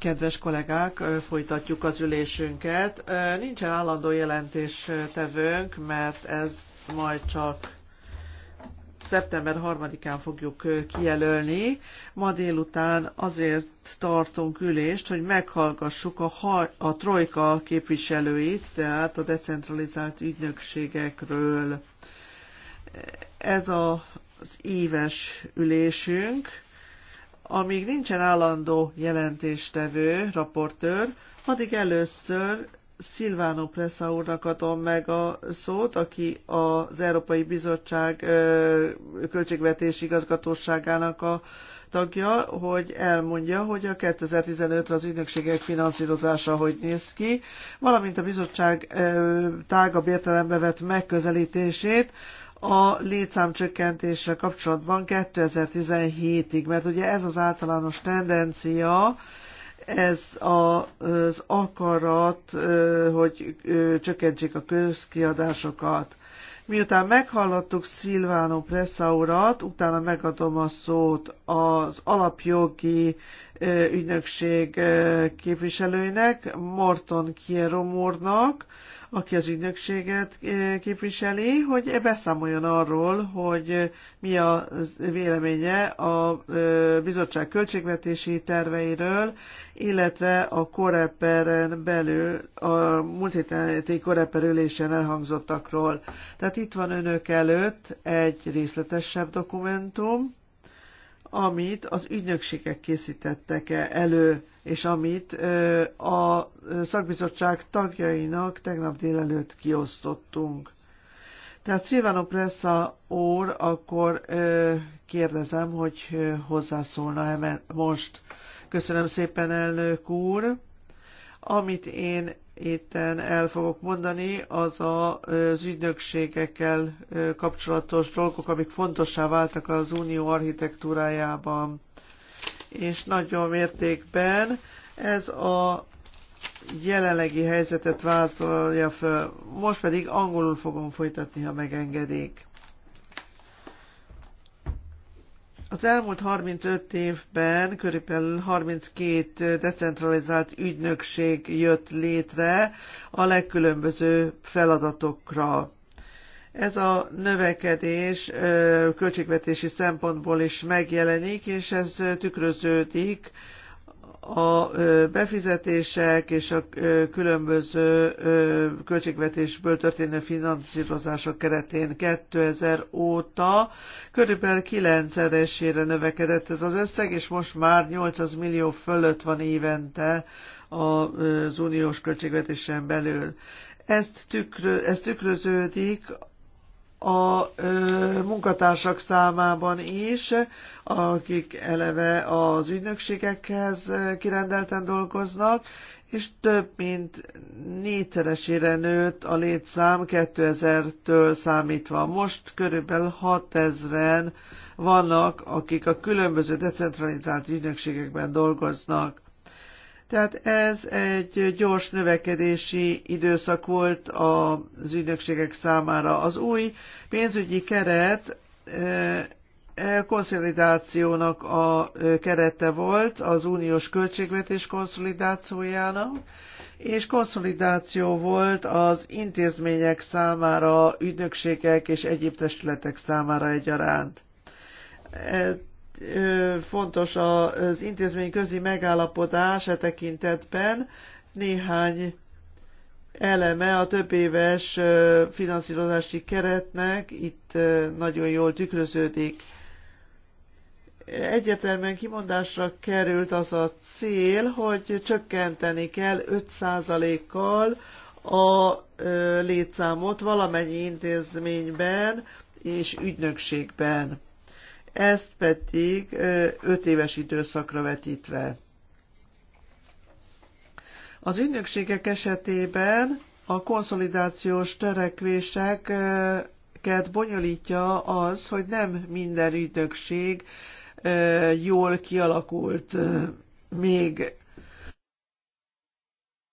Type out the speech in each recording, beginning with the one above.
Kedves kollégák, folytatjuk az ülésünket. Nincsen állandó jelentéstevőnk, mert ezt majd csak szeptember 3-án fogjuk kijelölni. Ma délután azért tartunk ülést, hogy meghallgassuk a, a trojka képviselőit, tehát a decentralizált ügynökségekről. Ez a, az éves ülésünk amíg nincsen állandó jelentéstevő, raportőr, addig először Szilvánó Pressa úrnak adom meg a szót, aki az Európai Bizottság költségvetési igazgatóságának a tagja, hogy elmondja, hogy a 2015 az ügynökségek finanszírozása hogy néz ki, valamint a bizottság tágabb értelembe vett megközelítését a létszámcsökkentéssel kapcsolatban 2017-ig, mert ugye ez az általános tendencia, ez a, az akarat, hogy csökkentsék a közkiadásokat. Miután meghallottuk Szilvánó Presszaurat, utána megadom a szót az alapjogi ügynökség képviselőinek, Morton Kieromúrnak, úrnak, aki az ügynökséget eh, képviseli, hogy beszámoljon arról, hogy mi a véleménye a eh, bizottság költségvetési terveiről, illetve a koreperen belül, a múlt héti koreper ülésen elhangzottakról. Tehát itt van önök előtt egy részletesebb dokumentum, amit az ügynökségek készítettek e elő, és amit a szakbizottság tagjainak tegnap délelőtt kiosztottunk. Tehát Szilvánó Pressa úr, akkor kérdezem, hogy hozzászólna-e most. Köszönöm szépen, elnök úr. Amit én éten el fogok mondani, az a, az ügynökségekkel kapcsolatos dolgok, amik fontossá váltak az unió architektúrájában. És nagyon mértékben ez a jelenlegi helyzetet vázolja föl. Most pedig angolul fogom folytatni, ha megengedik. Az elmúlt 35 évben körülbelül 32 decentralizált ügynökség jött létre a legkülönböző feladatokra. Ez a növekedés költségvetési szempontból is megjelenik, és ez tükröződik a befizetések és a különböző költségvetésből történő finanszírozások keretén 2000 óta körülbelül 9-esére növekedett ez az összeg, és most már 800 millió fölött van évente az uniós költségvetésen belül. Ezt tükrö, ez tükröződik a munkatársak számában is, akik eleve az ügynökségekhez kirendelten dolgoznak, és több mint négyszeresére nőtt a létszám 2000-től számítva. Most körülbelül 6000-en vannak, akik a különböző decentralizált ügynökségekben dolgoznak. Tehát ez egy gyors növekedési időszak volt az ügynökségek számára. Az új pénzügyi keret eh, eh, konszolidációnak a eh, kerete volt, az uniós költségvetés konszolidációjának, és konszolidáció volt az intézmények számára, ügynökségek és egyéb testületek számára egyaránt fontos az intézmény közi megállapodás e tekintetben. Néhány eleme a több éves finanszírozási keretnek itt nagyon jól tükröződik. Egyértelműen kimondásra került az a cél, hogy csökkenteni kell 5%-kal a létszámot valamennyi intézményben és ügynökségben ezt pedig 5 éves időszakra vetítve. Az ügynökségek esetében a konszolidációs törekvéseket bonyolítja az, hogy nem minden ügynökség jól kialakult még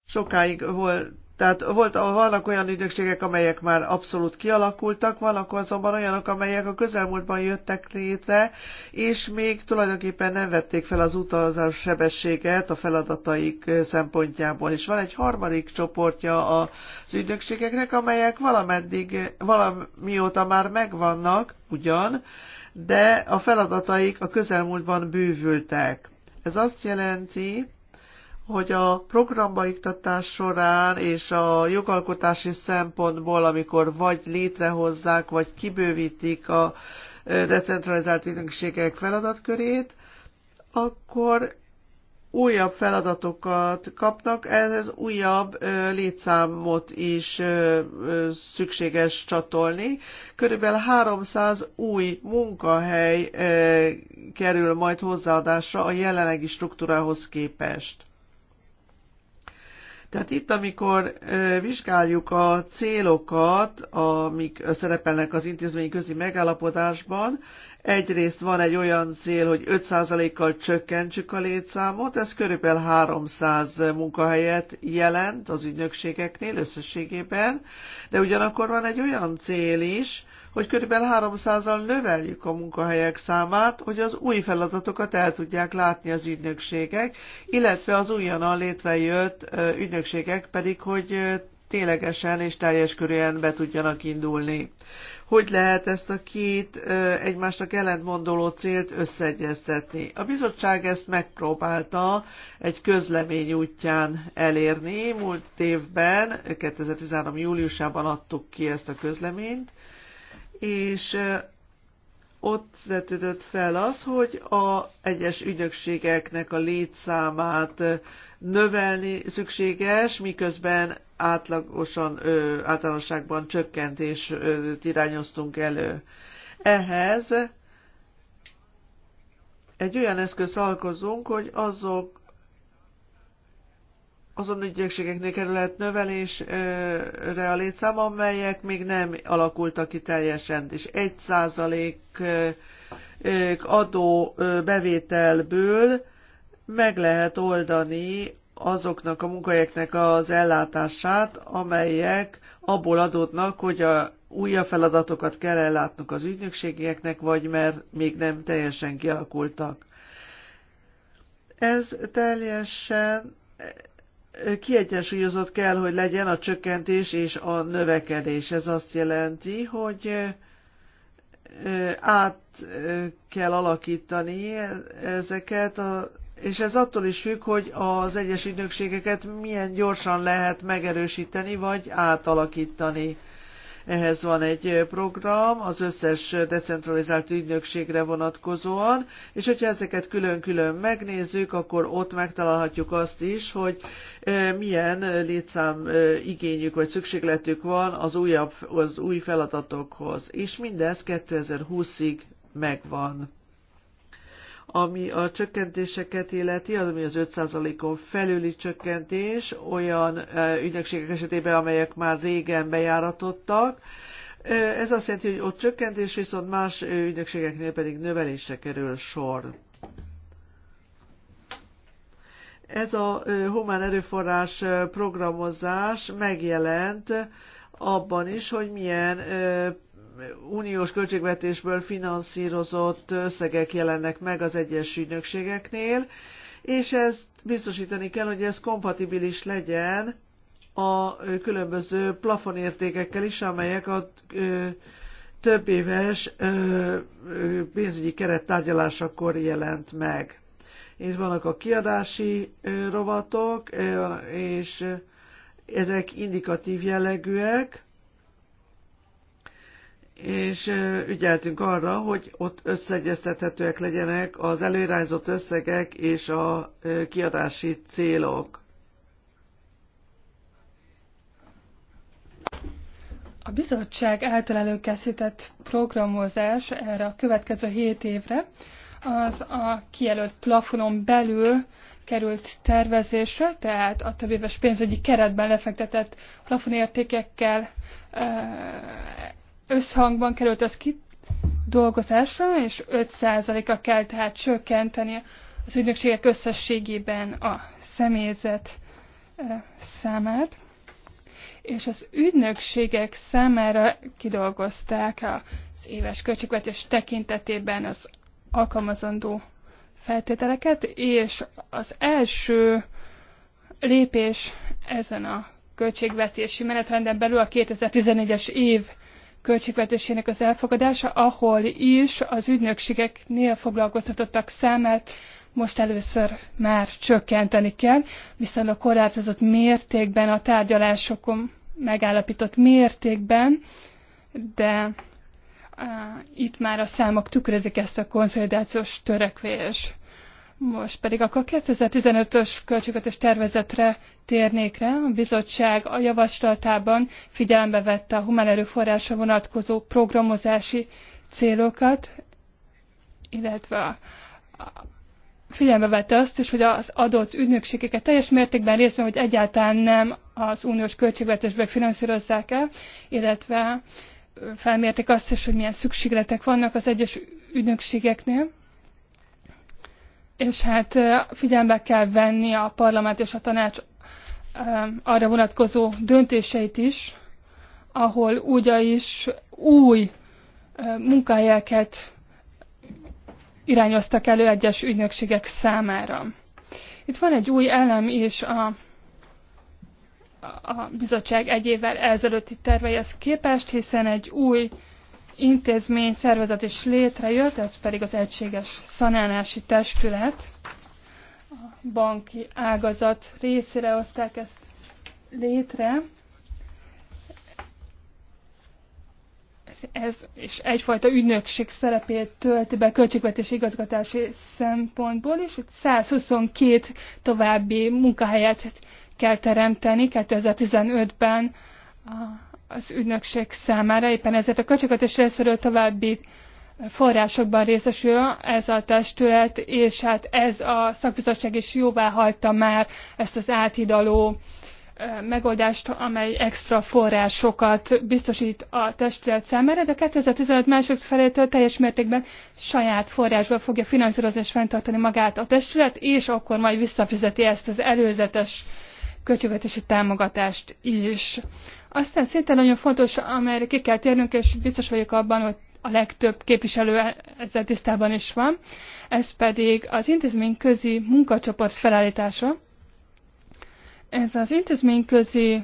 sokáig volt tehát volt, vannak olyan ügynökségek, amelyek már abszolút kialakultak, vannak azonban olyanok, amelyek a közelmúltban jöttek létre, és még tulajdonképpen nem vették fel az utazás sebességet a feladataik szempontjából. És van egy harmadik csoportja az ügynökségeknek, amelyek valameddig, valamióta már megvannak, ugyan, de a feladataik a közelmúltban bővültek. Ez azt jelenti, hogy a programbaiktatás során és a jogalkotási szempontból, amikor vagy létrehozzák, vagy kibővítik a decentralizált ügynökségek feladatkörét, akkor újabb feladatokat kapnak, ehhez újabb létszámot is szükséges csatolni. Körülbelül 300 új munkahely kerül majd hozzáadásra a jelenlegi struktúrához képest. Tehát itt, amikor vizsgáljuk a célokat, amik szerepelnek az intézményi közi megállapodásban, egyrészt van egy olyan cél, hogy 5%-kal csökkentsük a létszámot, ez körülbelül 300 munkahelyet jelent az ügynökségeknél összességében, de ugyanakkor van egy olyan cél is, hogy kb. 300-al növeljük a munkahelyek számát, hogy az új feladatokat el tudják látni az ügynökségek, illetve az újonnan létrejött ügynökségek pedig, hogy ténylegesen és teljes körűen be tudjanak indulni. Hogy lehet ezt a két egymásnak ellentmondoló célt összeegyeztetni? A bizottság ezt megpróbálta egy közlemény útján elérni. Múlt évben, 2013. júliusában adtuk ki ezt a közleményt, és ott vetődött fel az, hogy a egyes ügynökségeknek a létszámát növelni szükséges, miközben átlagosan általánosságban csökkentés irányoztunk elő. Ehhez egy olyan eszköz alkozunk, hogy azok azon ügynökségeknél kerülhet növelésre a létszám, amelyek még nem alakultak ki teljesen, és 1 százalék adó bevételből meg lehet oldani azoknak a munkahelyeknek az ellátását, amelyek abból adódnak, hogy a újabb feladatokat kell ellátnunk az ügynökségieknek, vagy mert még nem teljesen kialakultak. Ez teljesen kiegyensúlyozott kell, hogy legyen a csökkentés és a növekedés. Ez azt jelenti, hogy át kell alakítani ezeket, a, és ez attól is függ, hogy az egyes ügynökségeket milyen gyorsan lehet megerősíteni vagy átalakítani. Ehhez van egy program az összes decentralizált ügynökségre vonatkozóan, és hogyha ezeket külön-külön megnézzük, akkor ott megtalálhatjuk azt is, hogy milyen létszám igényük vagy szükségletük van az, újabb, az új feladatokhoz. És mindez 2020-ig megvan. Ami a csökkentéseket illeti, az, ami az 5%-on felüli csökkentés, olyan ügynökségek esetében, amelyek már régen bejáratottak, ez azt jelenti, hogy ott csökkentés, viszont más ügynökségeknél pedig növelésre kerül sor. Ez a humán erőforrás programozás megjelent abban is, hogy milyen uniós költségvetésből finanszírozott összegek jelennek meg az egyes ügynökségeknél, és ezt biztosítani kell, hogy ez kompatibilis legyen a különböző plafonértékekkel is, amelyek a több éves pénzügyi kerettárgyalásakor jelent meg. Itt vannak a kiadási rovatok, és ezek indikatív jellegűek, és ügyeltünk arra, hogy ott összeegyeztethetőek legyenek az előirányzott összegek és a kiadási célok. A bizottság által előkészített programozás erre a következő 7 évre az a kijelölt plafonon belül került tervezésre, tehát a több éves pénzügyi keretben lefektetett plafonértékekkel összhangban került az kidolgozásra, és 5%-a kell tehát csökkenteni az ügynökségek összességében a személyzet e, számát. És az ügynökségek számára kidolgozták az éves költségvetés tekintetében az alkalmazandó feltételeket, és az első lépés ezen a költségvetési menetrenden belül a 2014-es év költségvetésének az elfogadása, ahol is az ügynökségeknél foglalkoztatottak számát most először már csökkenteni kell, viszont a korlátozott mértékben, a tárgyalásokon megállapított mértékben, de uh, itt már a számok tükrözik ezt a konszolidációs törekvést. Most pedig akkor 2015-ös költségvetés tervezetre térnék rá. A bizottság a javaslatában figyelembe vette a humán erőforrásra vonatkozó programozási célokat, illetve a, figyelembe vette azt is, hogy az adott ügynökségeket teljes mértékben részben, hogy egyáltalán nem az uniós költségvetésbe finanszírozzák el, illetve felmérték azt is, hogy milyen szükségletek vannak az egyes ügynökségeknél és hát figyelembe kell venni a parlament és a tanács arra vonatkozó döntéseit is, ahol ugyanis új munkahelyeket irányoztak elő egyes ügynökségek számára. Itt van egy új elem is a, a bizottság egy évvel ezelőtti terveihez képest, hiszen egy új intézmény szervezet is létrejött, ez pedig az Egységes Szanálási Testület. A banki ágazat részére hozták ezt létre. Ez és egyfajta ügynökség szerepét tölti be költségvetési igazgatási szempontból, is. 122 további munkahelyet kell teremteni 2015-ben. A az ügynökség számára, éppen ezért a költségvetés részéről további forrásokban részesül ez a testület, és hát ez a szakbizottság is jóvá hagyta már ezt az áthidaló megoldást, amely extra forrásokat biztosít a testület számára, de 2015 második felétől teljes mértékben saját forrásból fogja finanszírozni és fenntartani magát a testület, és akkor majd visszafizeti ezt az előzetes költségvetési támogatást is. Aztán szinte nagyon fontos, amelyre ki kell térnünk, és biztos vagyok abban, hogy a legtöbb képviselő e- ezzel tisztában is van, ez pedig az intézményközi munkacsoport felállítása. Ez az intézményközi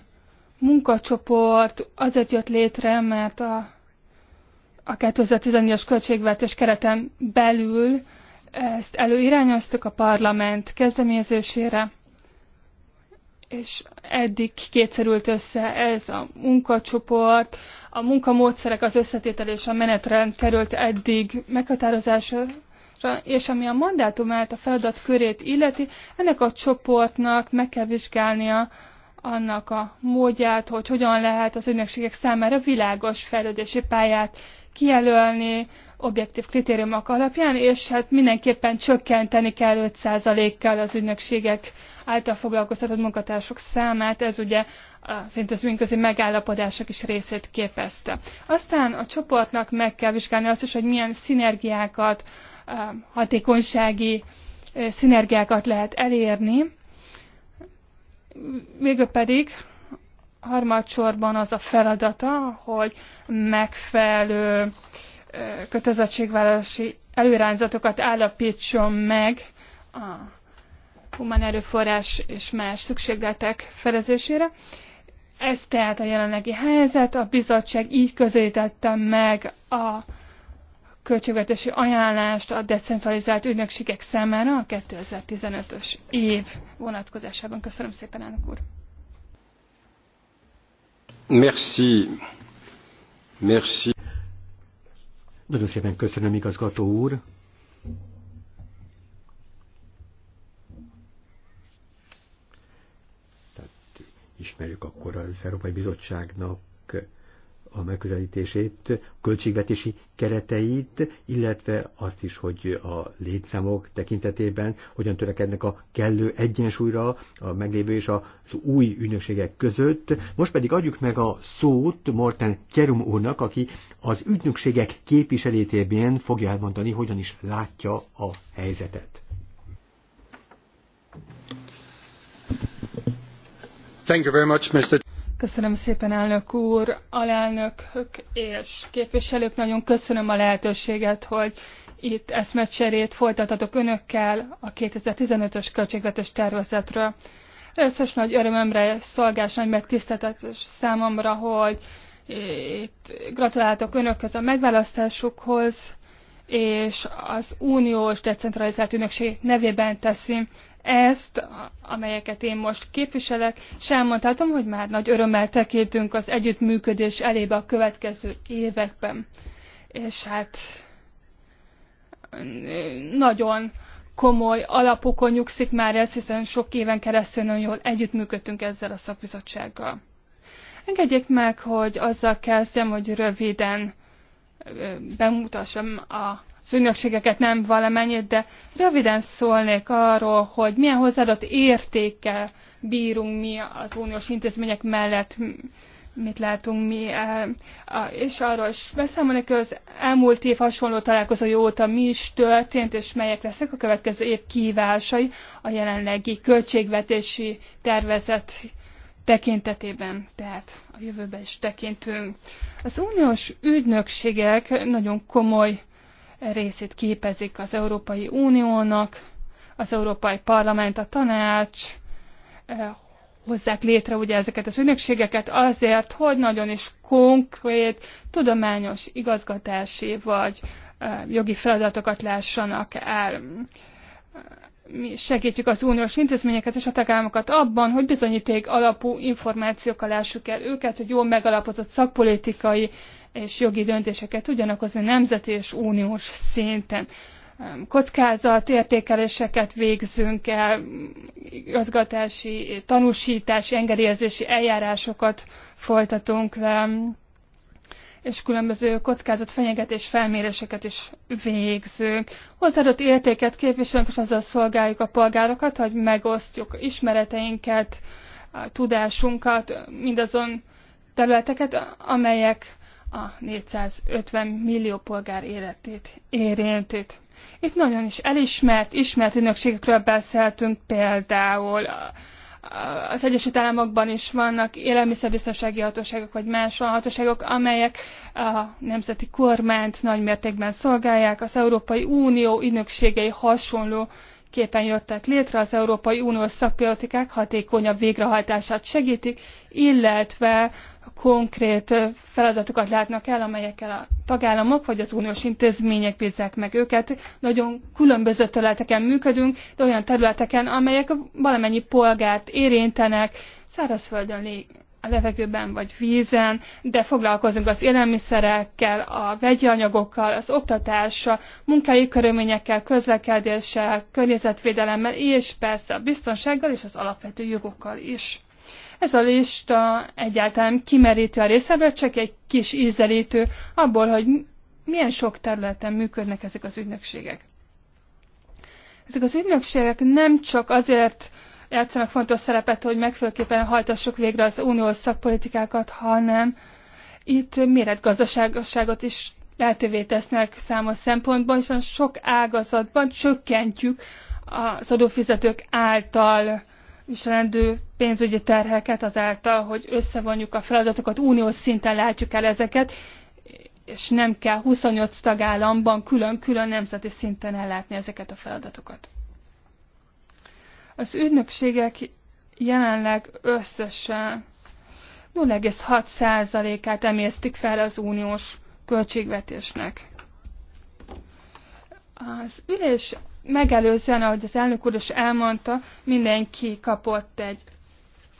munkacsoport azért jött létre, mert a, a 2014-es költségvetés kereten belül ezt előirányoztuk a parlament kezdeményezésére, és eddig kétszerült össze ez a munkacsoport, a munkamódszerek, az összetétel és a menetrend került eddig meghatározásra, és ami a mandátumát, a feladat körét illeti, ennek a csoportnak meg kell vizsgálnia annak a módját, hogy hogyan lehet az ügynökségek számára világos fejlődési pályát kijelölni, objektív kritériumok alapján, és hát mindenképpen csökkenteni kell 5%-kal az ügynökségek által foglalkoztatott munkatársak számát, ez ugye az intézményközi megállapodások is részét képezte. Aztán a csoportnak meg kell vizsgálni azt is, hogy milyen szinergiákat, hatékonysági szinergiákat lehet elérni. Végül pedig harmadsorban az a feladata, hogy megfelelő kötelezettségvállalási előrányzatokat állapítson meg a humán erőforrás és más szükségletek felezésére. Ez tehát a jelenlegi helyzet, a bizottság így közelítette meg a költségvetési ajánlást a decentralizált ügynökségek számára a 2015-ös év vonatkozásában. Köszönöm szépen, elnök úr! Merci. Merci. Nagyon szépen köszönöm, igazgató úr. Tehát ismerjük akkor az Európai Bizottságnak a megközelítését, költségvetési kereteit, illetve azt is, hogy a létszámok tekintetében hogyan törekednek a kellő egyensúlyra a meglévő és az új ügynökségek között. Most pedig adjuk meg a szót Morten Kerum úrnak, aki az ügynökségek képviselétében fogja elmondani, hogyan is látja a helyzetet. Thank you very much, Mr. Köszönöm szépen, elnök úr, alelnökök és képviselők. Nagyon köszönöm a lehetőséget, hogy itt eszmecserét folytathatok önökkel a 2015-ös költségvetés tervezetről. Összes nagy örömömre szolgás, nagy megtiszteltetés számomra, hogy itt gratuláltok önökhez a megválasztásukhoz, és az uniós decentralizált ünökség nevében teszi ezt, amelyeket én most képviselek, és elmondhatom, hogy már nagy örömmel tekintünk az együttműködés elébe a következő években. És hát nagyon komoly alapokon nyugszik már ez, hiszen sok éven keresztül nagyon jól együttműködtünk ezzel a szakbizottsággal. Engedjék meg, hogy azzal kezdjem, hogy röviden bemutassam a az ügynökségeket, nem valamennyit, de röviden szólnék arról, hogy milyen hozzáadott értékkel bírunk mi az uniós intézmények mellett, mit látunk mi, e, és arról is beszámolnék, hogy az elmúlt év hasonló találkozó óta mi is történt, és melyek lesznek a következő év kívásai a jelenlegi költségvetési tervezet tekintetében, tehát a jövőben is tekintünk. Az uniós ügynökségek nagyon komoly részét képezik az Európai Uniónak, az Európai Parlament, a tanács, eh, hozzák létre ugye ezeket az ügynökségeket azért, hogy nagyon is konkrét, tudományos, igazgatási vagy eh, jogi feladatokat lássanak el. Mi segítjük az uniós intézményeket és a tagállamokat abban, hogy bizonyíték alapú információkkal lássuk el őket, hogy jól megalapozott szakpolitikai és jogi döntéseket ugyanakkor a nemzeti és uniós szinten kockázat értékeléseket végzünk el, igazgatási, tanúsítási, engedélyezési eljárásokat folytatunk le, és különböző kockázat fenyegetés felméréseket is végzünk. Hozzáadott értéket képviselünk, és azzal szolgáljuk a polgárokat, hogy megosztjuk ismereteinket, tudásunkat, mindazon területeket, amelyek a 450 millió polgár életét érintik. Itt nagyon is elismert, ismert ünökségekről beszéltünk például a, az Egyesült Államokban is vannak élelmiszerbiztonsági hatóságok, vagy más olyan hatóságok, amelyek a nemzeti kormányt nagymértékben szolgálják. Az Európai Unió ügynökségei hasonló képen jöttek létre, az Európai Uniós szakpolitikák hatékonyabb végrehajtását segítik, illetve konkrét feladatokat látnak el, amelyekkel a tagállamok vagy az uniós intézmények bízzák meg őket. Nagyon különböző területeken működünk, de olyan területeken, amelyek valamennyi polgárt érintenek, szárazföldön, a levegőben vagy vízen, de foglalkozunk az élelmiszerekkel, a vegyi anyagokkal, az oktatással, munkai körülményekkel, közlekedéssel, környezetvédelemmel, és persze a biztonsággal és az alapvető jogokkal is. Ez a lista egyáltalán kimerítő a részemre, csak egy kis ízelítő abból, hogy milyen sok területen működnek ezek az ügynökségek. Ezek az ügynökségek nem csak azért játszanak fontos szerepet, hogy megfőképpen hajtassuk végre az uniós szakpolitikákat, hanem itt méretgazdaságosságot is lehetővé tesznek számos szempontból, hiszen sok ágazatban csökkentjük az adófizetők által viselendő pénzügyi terheket azáltal, hogy összevonjuk a feladatokat, uniós szinten látjuk el ezeket, és nem kell 28 tagállamban külön-külön nemzeti szinten ellátni ezeket a feladatokat. Az ügynökségek jelenleg összesen 0,6%-át emésztik fel az uniós költségvetésnek. Az ülés megelőzően, ahogy az elnök úr is elmondta, mindenki kapott egy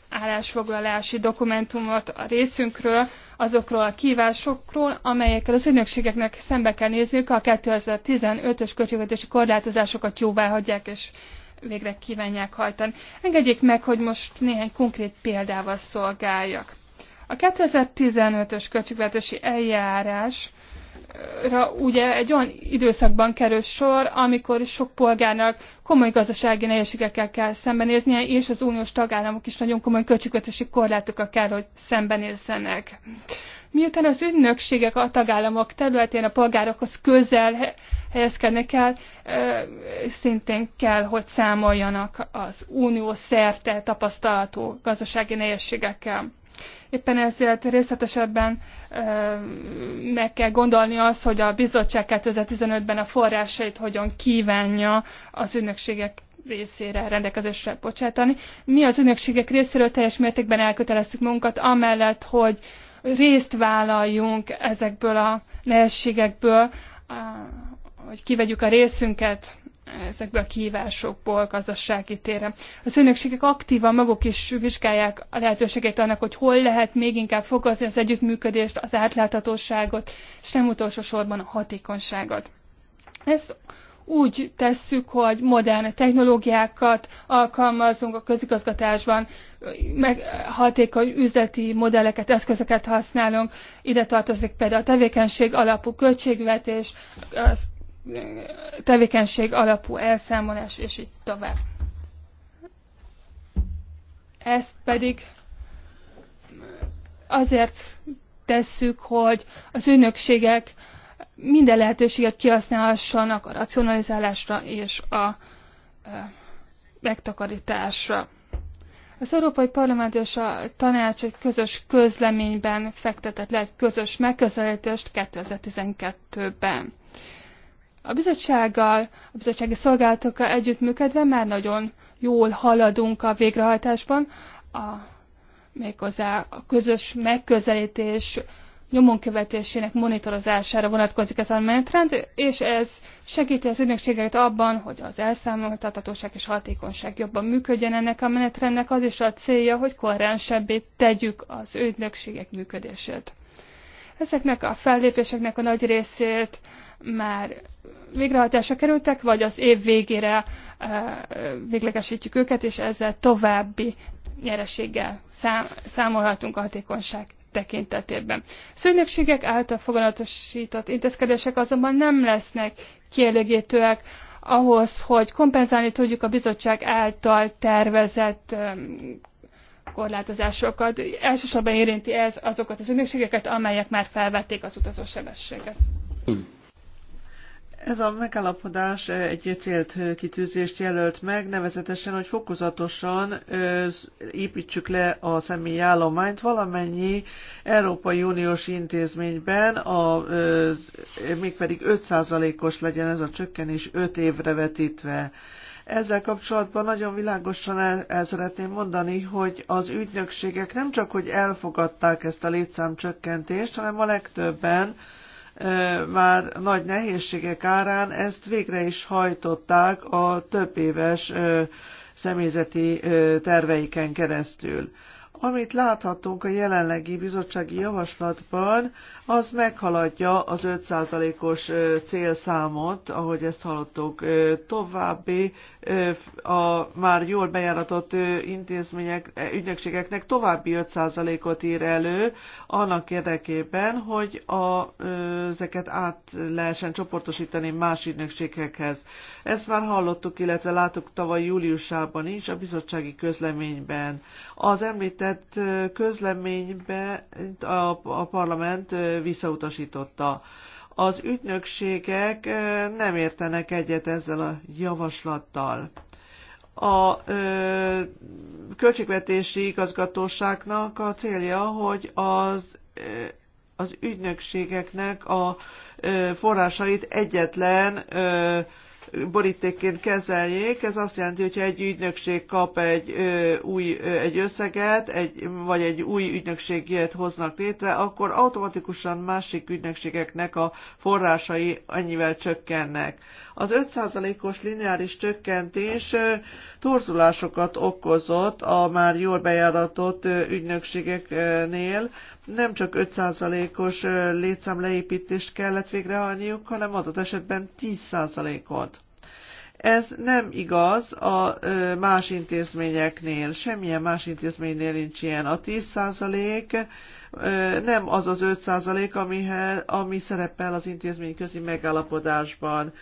állásfoglalási dokumentumot a részünkről, azokról a kívásokról, amelyekkel az ügynökségeknek szembe kell nézniük, a 2015-ös költségvetési korlátozásokat jóvá hagyják és végre kívánják hajtani. Engedjék meg, hogy most néhány konkrét példával szolgáljak. A 2015-ös költségvetési eljárás ugye egy olyan időszakban kerül sor, amikor sok polgárnak komoly gazdasági nehézségekkel kell szembenéznie, és az uniós tagállamok is nagyon komoly költségvetési korlátokkal kell, hogy szembenézzenek. Miután az ügynökségek a tagállamok területén a polgárokhoz közel helyezkednek el, szintén kell, hogy számoljanak az unió szerte tapasztalható gazdasági nehézségekkel. Éppen ezért részletesebben meg kell gondolni az, hogy a bizottság 2015-ben a forrásait hogyan kívánja az ünnökségek részére rendelkezésre bocsátani. Mi az ünnökségek részéről teljes mértékben elköteleztük magunkat, amellett, hogy részt vállaljunk ezekből a nehézségekből, hogy kivegyük a részünket ezekből a kihívásokból gazdasági téren. A szőnökségek aktívan maguk is vizsgálják a lehetőségét annak, hogy hol lehet még inkább fokozni az együttműködést, az átláthatóságot, és nem utolsó sorban a hatékonyságot. Ez úgy tesszük, hogy modern technológiákat alkalmazunk a közigazgatásban, meg hatékony üzleti modelleket, eszközöket használunk. Ide tartozik például a tevékenység alapú költségvetés, a tevékenység alapú elszámolás, és így tovább. Ezt pedig azért tesszük, hogy az ügynökségek minden lehetőséget kihasználhassanak a racionalizálásra és a e, megtakarításra. Az Európai Parlament és a Tanács egy közös közleményben fektetett le egy közös megközelítést 2012-ben. A bizottsággal, a bizottsági szolgálatokkal együttműködve már nagyon jól haladunk a végrehajtásban, a, méghozzá a közös megközelítés nyomonkövetésének monitorozására vonatkozik ez a menetrend, és ez segíti az ügynökségeket abban, hogy az elszámoltathatóság és hatékonyság jobban működjön ennek a menetrendnek, az is a célja, hogy korrensebbé tegyük az ügynökségek működését. Ezeknek a fellépéseknek a nagy részét már végrehajtásra kerültek, vagy az év végére eh, véglegesítjük őket, és ezzel további nyereséggel számolhatunk a hatékonyság tekintetében. Az által foganatosított intézkedések azonban nem lesznek kielégítőek ahhoz, hogy kompenzálni tudjuk a bizottság által tervezett korlátozásokat. Elsősorban érinti ez azokat az ügynökségeket, amelyek már felvették az utazósebességet. Ez a megállapodás egy célt kitűzést jelölt meg, nevezetesen, hogy fokozatosan építsük le a személyi állományt valamennyi Európai Uniós intézményben, a, mégpedig 5%-os legyen ez a csökkenés 5 évre vetítve. Ezzel kapcsolatban nagyon világosan el, el szeretném mondani, hogy az ügynökségek nem csak, hogy elfogadták ezt a létszámcsökkentést, hanem a legtöbben, már nagy nehézségek árán ezt végre is hajtották a több éves személyzeti terveiken keresztül. Amit láthatunk a jelenlegi bizottsági javaslatban, az meghaladja az 5%-os célszámot, ahogy ezt hallottuk. További a már jól bejáratott intézmények, ügynökségeknek további 5%-ot ír elő annak érdekében, hogy a, ezeket át lehessen csoportosítani más ügynökségekhez. Ezt már hallottuk, illetve láttuk tavaly júliusában is a bizottsági közleményben. Az említett közleményben a, a parlament visszautasította. Az ügynökségek nem értenek egyet ezzel a javaslattal a ö, költségvetési igazgatóságnak a célja, hogy az, ö, az ügynökségeknek a ö, forrásait egyetlen ö, borítékként kezeljék. Ez azt jelenti, hogyha egy ügynökség kap egy ö, új ö, egy összeget, egy, vagy egy új ügynökséget hoznak létre, akkor automatikusan másik ügynökségeknek a forrásai annyivel csökkennek. Az 5%-os lineáris csökkentés ö, torzulásokat okozott a már jól bejáratott ö, ügynökségeknél, nem csak 5%-os létszám kellett végrehajniuk, hanem adott esetben 10%-ot. Ez nem igaz a más intézményeknél, semmilyen más intézménynél nincs ilyen. A 10% nem az az 5% ami, ami szerepel az intézményközi megállapodásban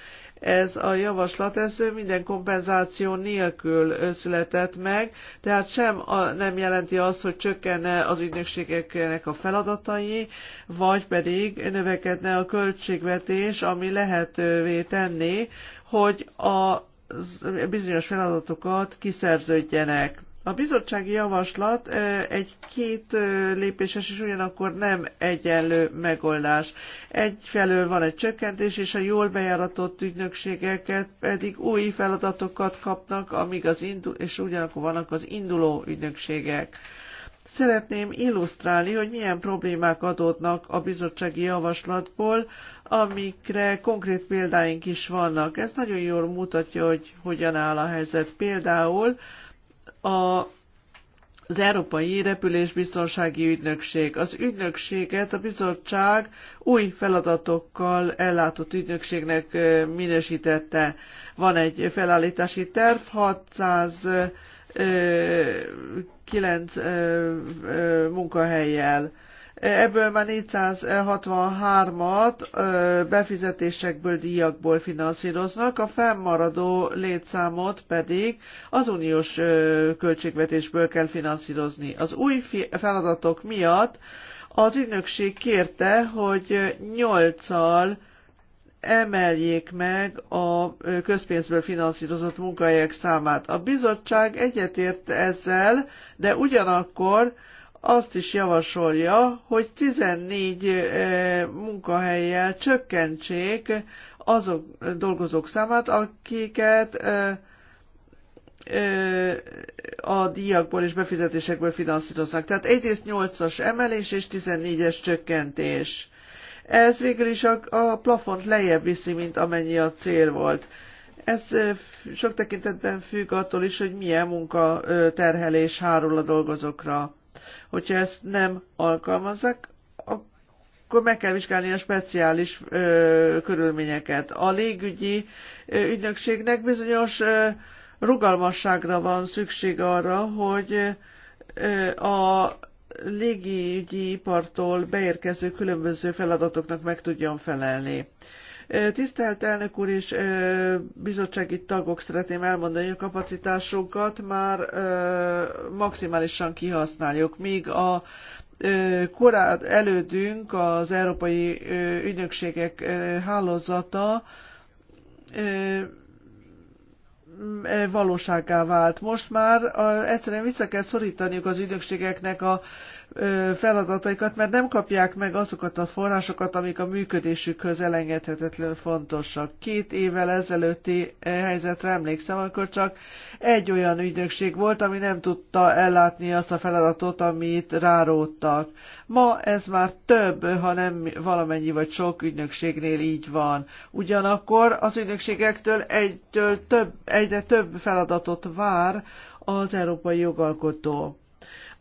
ez a javaslat, ez minden kompenzáció nélkül született meg, tehát sem a, nem jelenti azt, hogy csökkenne az ügynökségeknek a feladatai, vagy pedig növekedne a költségvetés, ami lehetővé tenni, hogy a bizonyos feladatokat kiszerződjenek. A bizottsági javaslat egy két lépéses és ugyanakkor nem egyenlő megoldás. Egyfelől van egy csökkentés, és a jól bejáratott ügynökségeket pedig új feladatokat kapnak, amíg az indul, és ugyanakkor vannak az induló ügynökségek. Szeretném illusztrálni, hogy milyen problémák adódnak a bizottsági javaslatból, amikre konkrét példáink is vannak. Ez nagyon jól mutatja, hogy hogyan áll a helyzet. Például a az Európai Repülésbiztonsági Ügynökség. Az ügynökséget a bizottság új feladatokkal ellátott ügynökségnek minősítette. Van egy felállítási terv, 600 kilenc munkahelyjel. Ebből már 463-at befizetésekből, díjakból finanszíroznak, a fennmaradó létszámot pedig az uniós költségvetésből kell finanszírozni. Az új feladatok miatt az ügynökség kérte, hogy 8-al emeljék meg a közpénzből finanszírozott munkahelyek számát. A bizottság egyetért ezzel, de ugyanakkor azt is javasolja, hogy 14 munkahelyjel csökkentsék azok dolgozók számát, akiket a díjakból és befizetésekből finanszíroznak. Tehát egyrészt 8-as emelés és 14-es csökkentés. Ez végül is a, a plafont lejjebb viszi, mint amennyi a cél volt. Ez sok tekintetben függ attól is, hogy milyen munkaterhelés hárul a dolgozókra. Hogyha ezt nem alkalmazzák, akkor meg kell vizsgálni a speciális ö, körülményeket. A légügyi ö, ügynökségnek bizonyos ö, rugalmasságra van szükség arra, hogy ö, a légügyi ipartól beérkező különböző feladatoknak meg tudjon felelni. Ö, Tisztelt elnök úr és bizottsági tagok, szeretném elmondani, hogy a kapacitásunkat már maximálisan kihasználjuk, míg a korát elődünk az európai ügynökségek hálózata e, valóságá vált. Most már egyszerűen vissza kell szorítaniuk az ügynökségeknek a feladataikat, mert nem kapják meg azokat a forrásokat, amik a működésükhöz elengedhetetlenül fontosak. Két évvel ezelőtti helyzetre emlékszem, amikor csak egy olyan ügynökség volt, ami nem tudta ellátni azt a feladatot, amit ráróttak. Ma ez már több, ha nem valamennyi vagy sok ügynökségnél így van. Ugyanakkor az ügynökségektől egytől több, egyre több feladatot vár az európai jogalkotó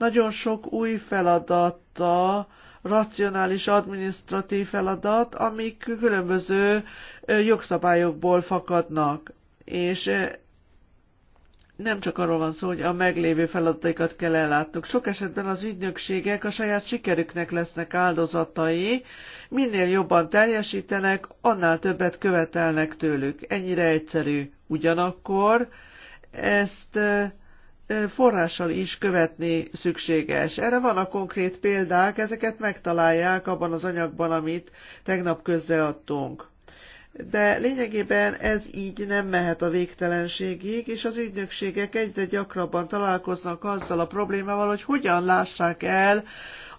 nagyon sok új feladata, racionális adminisztratív feladat, amik különböző jogszabályokból fakadnak. És nem csak arról van szó, hogy a meglévő feladataikat kell ellátnunk. Sok esetben az ügynökségek a saját sikerüknek lesznek áldozatai, minél jobban teljesítenek, annál többet követelnek tőlük. Ennyire egyszerű. Ugyanakkor ezt forrással is követni szükséges. Erre van a konkrét példák, ezeket megtalálják abban az anyagban, amit tegnap közreadtunk. De lényegében ez így nem mehet a végtelenségig, és az ügynökségek egyre gyakrabban találkoznak azzal a problémával, hogy hogyan lássák el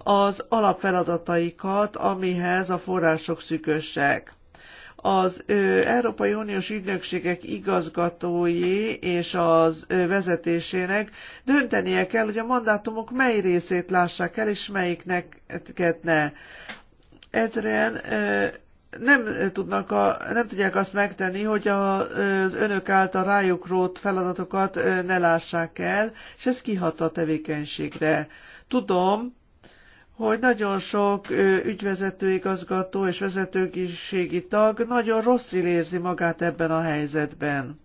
az alapfeladataikat, amihez a források szükösek az Európai Uniós ügynökségek igazgatói és az vezetésének döntenie kell, hogy a mandátumok mely részét lássák el, és melyiknek ne. Egyszerűen nem, tudnak a, nem tudják azt megtenni, hogy az önök által rájuk rót feladatokat ne lássák el, és ez kihat a tevékenységre. Tudom, hogy nagyon sok ügyvezetőigazgató és vezetőségi tag nagyon rosszul érzi magát ebben a helyzetben.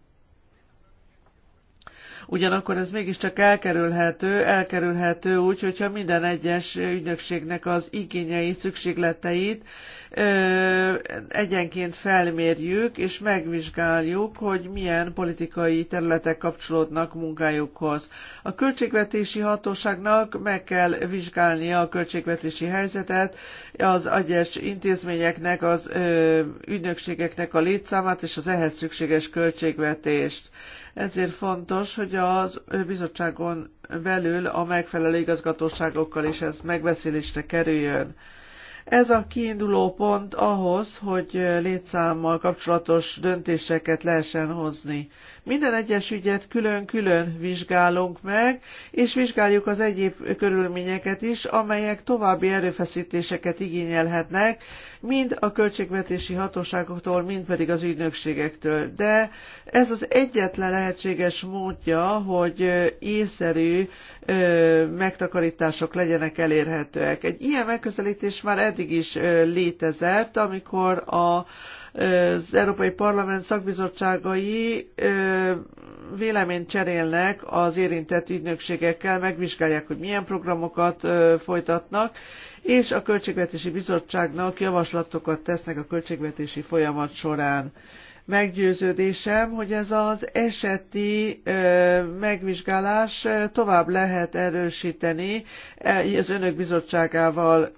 Ugyanakkor ez mégiscsak elkerülhető, elkerülhető úgy, hogyha minden egyes ügynökségnek az igényeit, szükségleteit egyenként felmérjük és megvizsgáljuk, hogy milyen politikai területek kapcsolódnak munkájukhoz. A költségvetési hatóságnak meg kell vizsgálnia a költségvetési helyzetet, az egyes intézményeknek, az ügynökségeknek a létszámát és az ehhez szükséges költségvetést. Ezért fontos, hogy az bizottságon belül a megfelelő igazgatóságokkal is ez megbeszélésre kerüljön. Ez a kiinduló pont ahhoz, hogy létszámmal kapcsolatos döntéseket lehessen hozni. Minden egyes ügyet külön-külön vizsgálunk meg, és vizsgáljuk az egyéb körülményeket is, amelyek további erőfeszítéseket igényelhetnek, mind a költségvetési hatóságoktól, mind pedig az ügynökségektől. De ez az egyetlen lehetséges módja, hogy észszerű megtakarítások legyenek elérhetőek. Egy ilyen megközelítés már eddig is létezett, amikor a az Európai Parlament szakbizottságai véleményt cserélnek az érintett ügynökségekkel, megvizsgálják, hogy milyen programokat folytatnak, és a Költségvetési Bizottságnak javaslatokat tesznek a költségvetési folyamat során meggyőződésem, hogy ez az eseti megvizsgálás tovább lehet erősíteni e, az önök bizottságával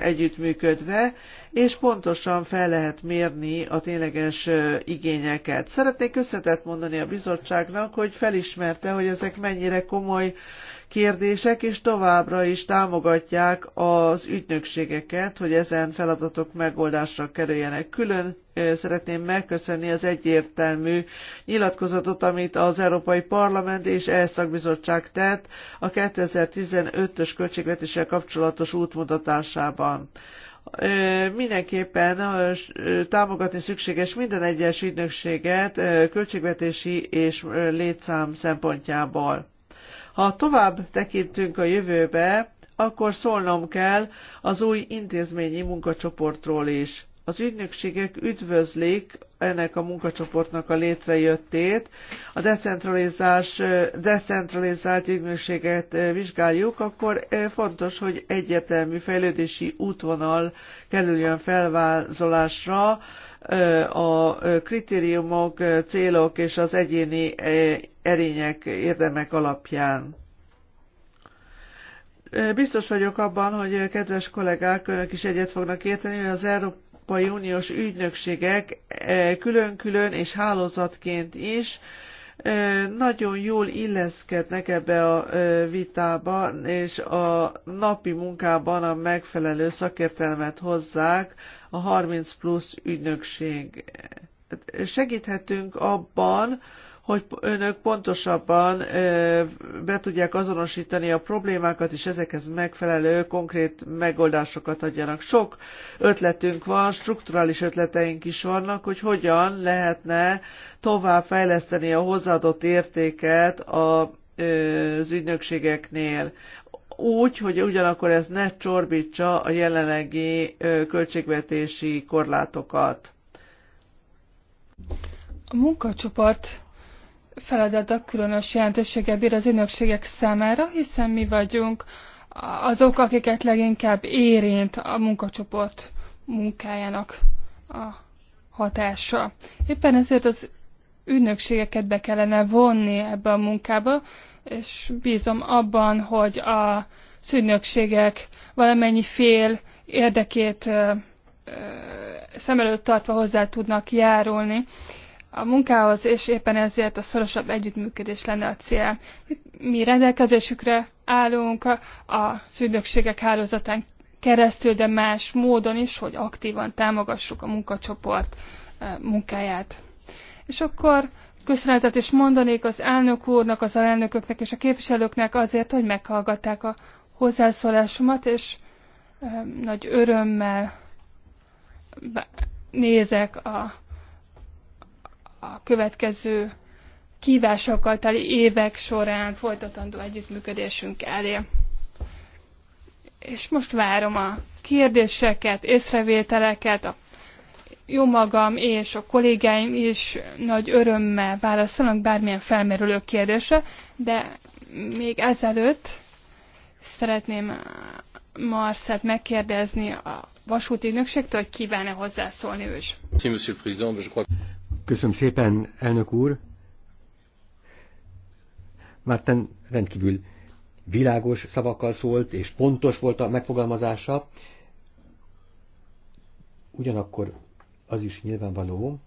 együttműködve, és pontosan fel lehet mérni a tényleges igényeket. Szeretnék összetett mondani a bizottságnak, hogy felismerte, hogy ezek mennyire komoly kérdések, és továbbra is támogatják az ügynökségeket, hogy ezen feladatok megoldásra kerüljenek. Külön szeretném megköszönni az egyértelmű nyilatkozatot, amit az Európai Parlament és E-szakbizottság tett a 2015-ös költségvetéssel kapcsolatos útmutatásában mindenképpen támogatni szükséges minden egyes ügynökséget költségvetési és létszám szempontjából. Ha tovább tekintünk a jövőbe, akkor szólnom kell az új intézményi munkacsoportról is. Az ügynökségek üdvözlik ennek a munkacsoportnak a létrejöttét. A decentralizás, decentralizált ügynökséget eh, vizsgáljuk, akkor eh, fontos, hogy egyértelmű fejlődési útvonal kerüljön felvázolásra a kritériumok, célok és az egyéni e, erények, érdemek alapján. E, biztos vagyok abban, hogy e, kedves kollégák, önök is egyet fognak érteni, hogy az Európai Uniós ügynökségek külön-külön és hálózatként is nagyon jól illeszkednek ebbe a vitába, és a napi munkában a megfelelő szakértelmet hozzák a 30 plusz ügynökség. Segíthetünk abban, hogy önök pontosabban be tudják azonosítani a problémákat, és ezekhez megfelelő konkrét megoldásokat adjanak. Sok ötletünk van, strukturális ötleteink is vannak, hogy hogyan lehetne tovább fejleszteni a hozzáadott értéket a az ügynökségeknél úgy, hogy ugyanakkor ez ne csorbítsa a jelenlegi költségvetési korlátokat. A munkacsoport feladata különös jelentősége bír az ügynökségek számára, hiszen mi vagyunk azok, akiket leginkább érint a munkacsoport munkájának a hatása. Éppen ezért az ügynökségeket be kellene vonni ebbe a munkába, és bízom abban, hogy a szűnökségek valamennyi fél érdekét szem előtt tartva hozzá tudnak járulni a munkához, és éppen ezért a szorosabb együttműködés lenne a cél. Mi rendelkezésükre állunk a szűnökségek hálózatán keresztül, de más módon is, hogy aktívan támogassuk a munkacsoport munkáját. És akkor köszönetet is mondanék az elnök úrnak, az alelnököknek és a képviselőknek azért, hogy meghallgatták a hozzászólásomat, és nagy örömmel nézek a, a következő kívásokkal teli évek során folytatandó együttműködésünk elé. És most várom a kérdéseket, észrevételeket, a jó magam és a kollégáim is nagy örömmel válaszolnak bármilyen felmerülő kérdésre, de még ezelőtt szeretném Marszát megkérdezni a vasúti ügynökségtől, hogy kíván-e hozzászólni ő is. Köszönöm szépen, elnök úr. Márten rendkívül világos szavakkal szólt, és pontos volt a megfogalmazása. Ugyanakkor az is nyilvánvaló,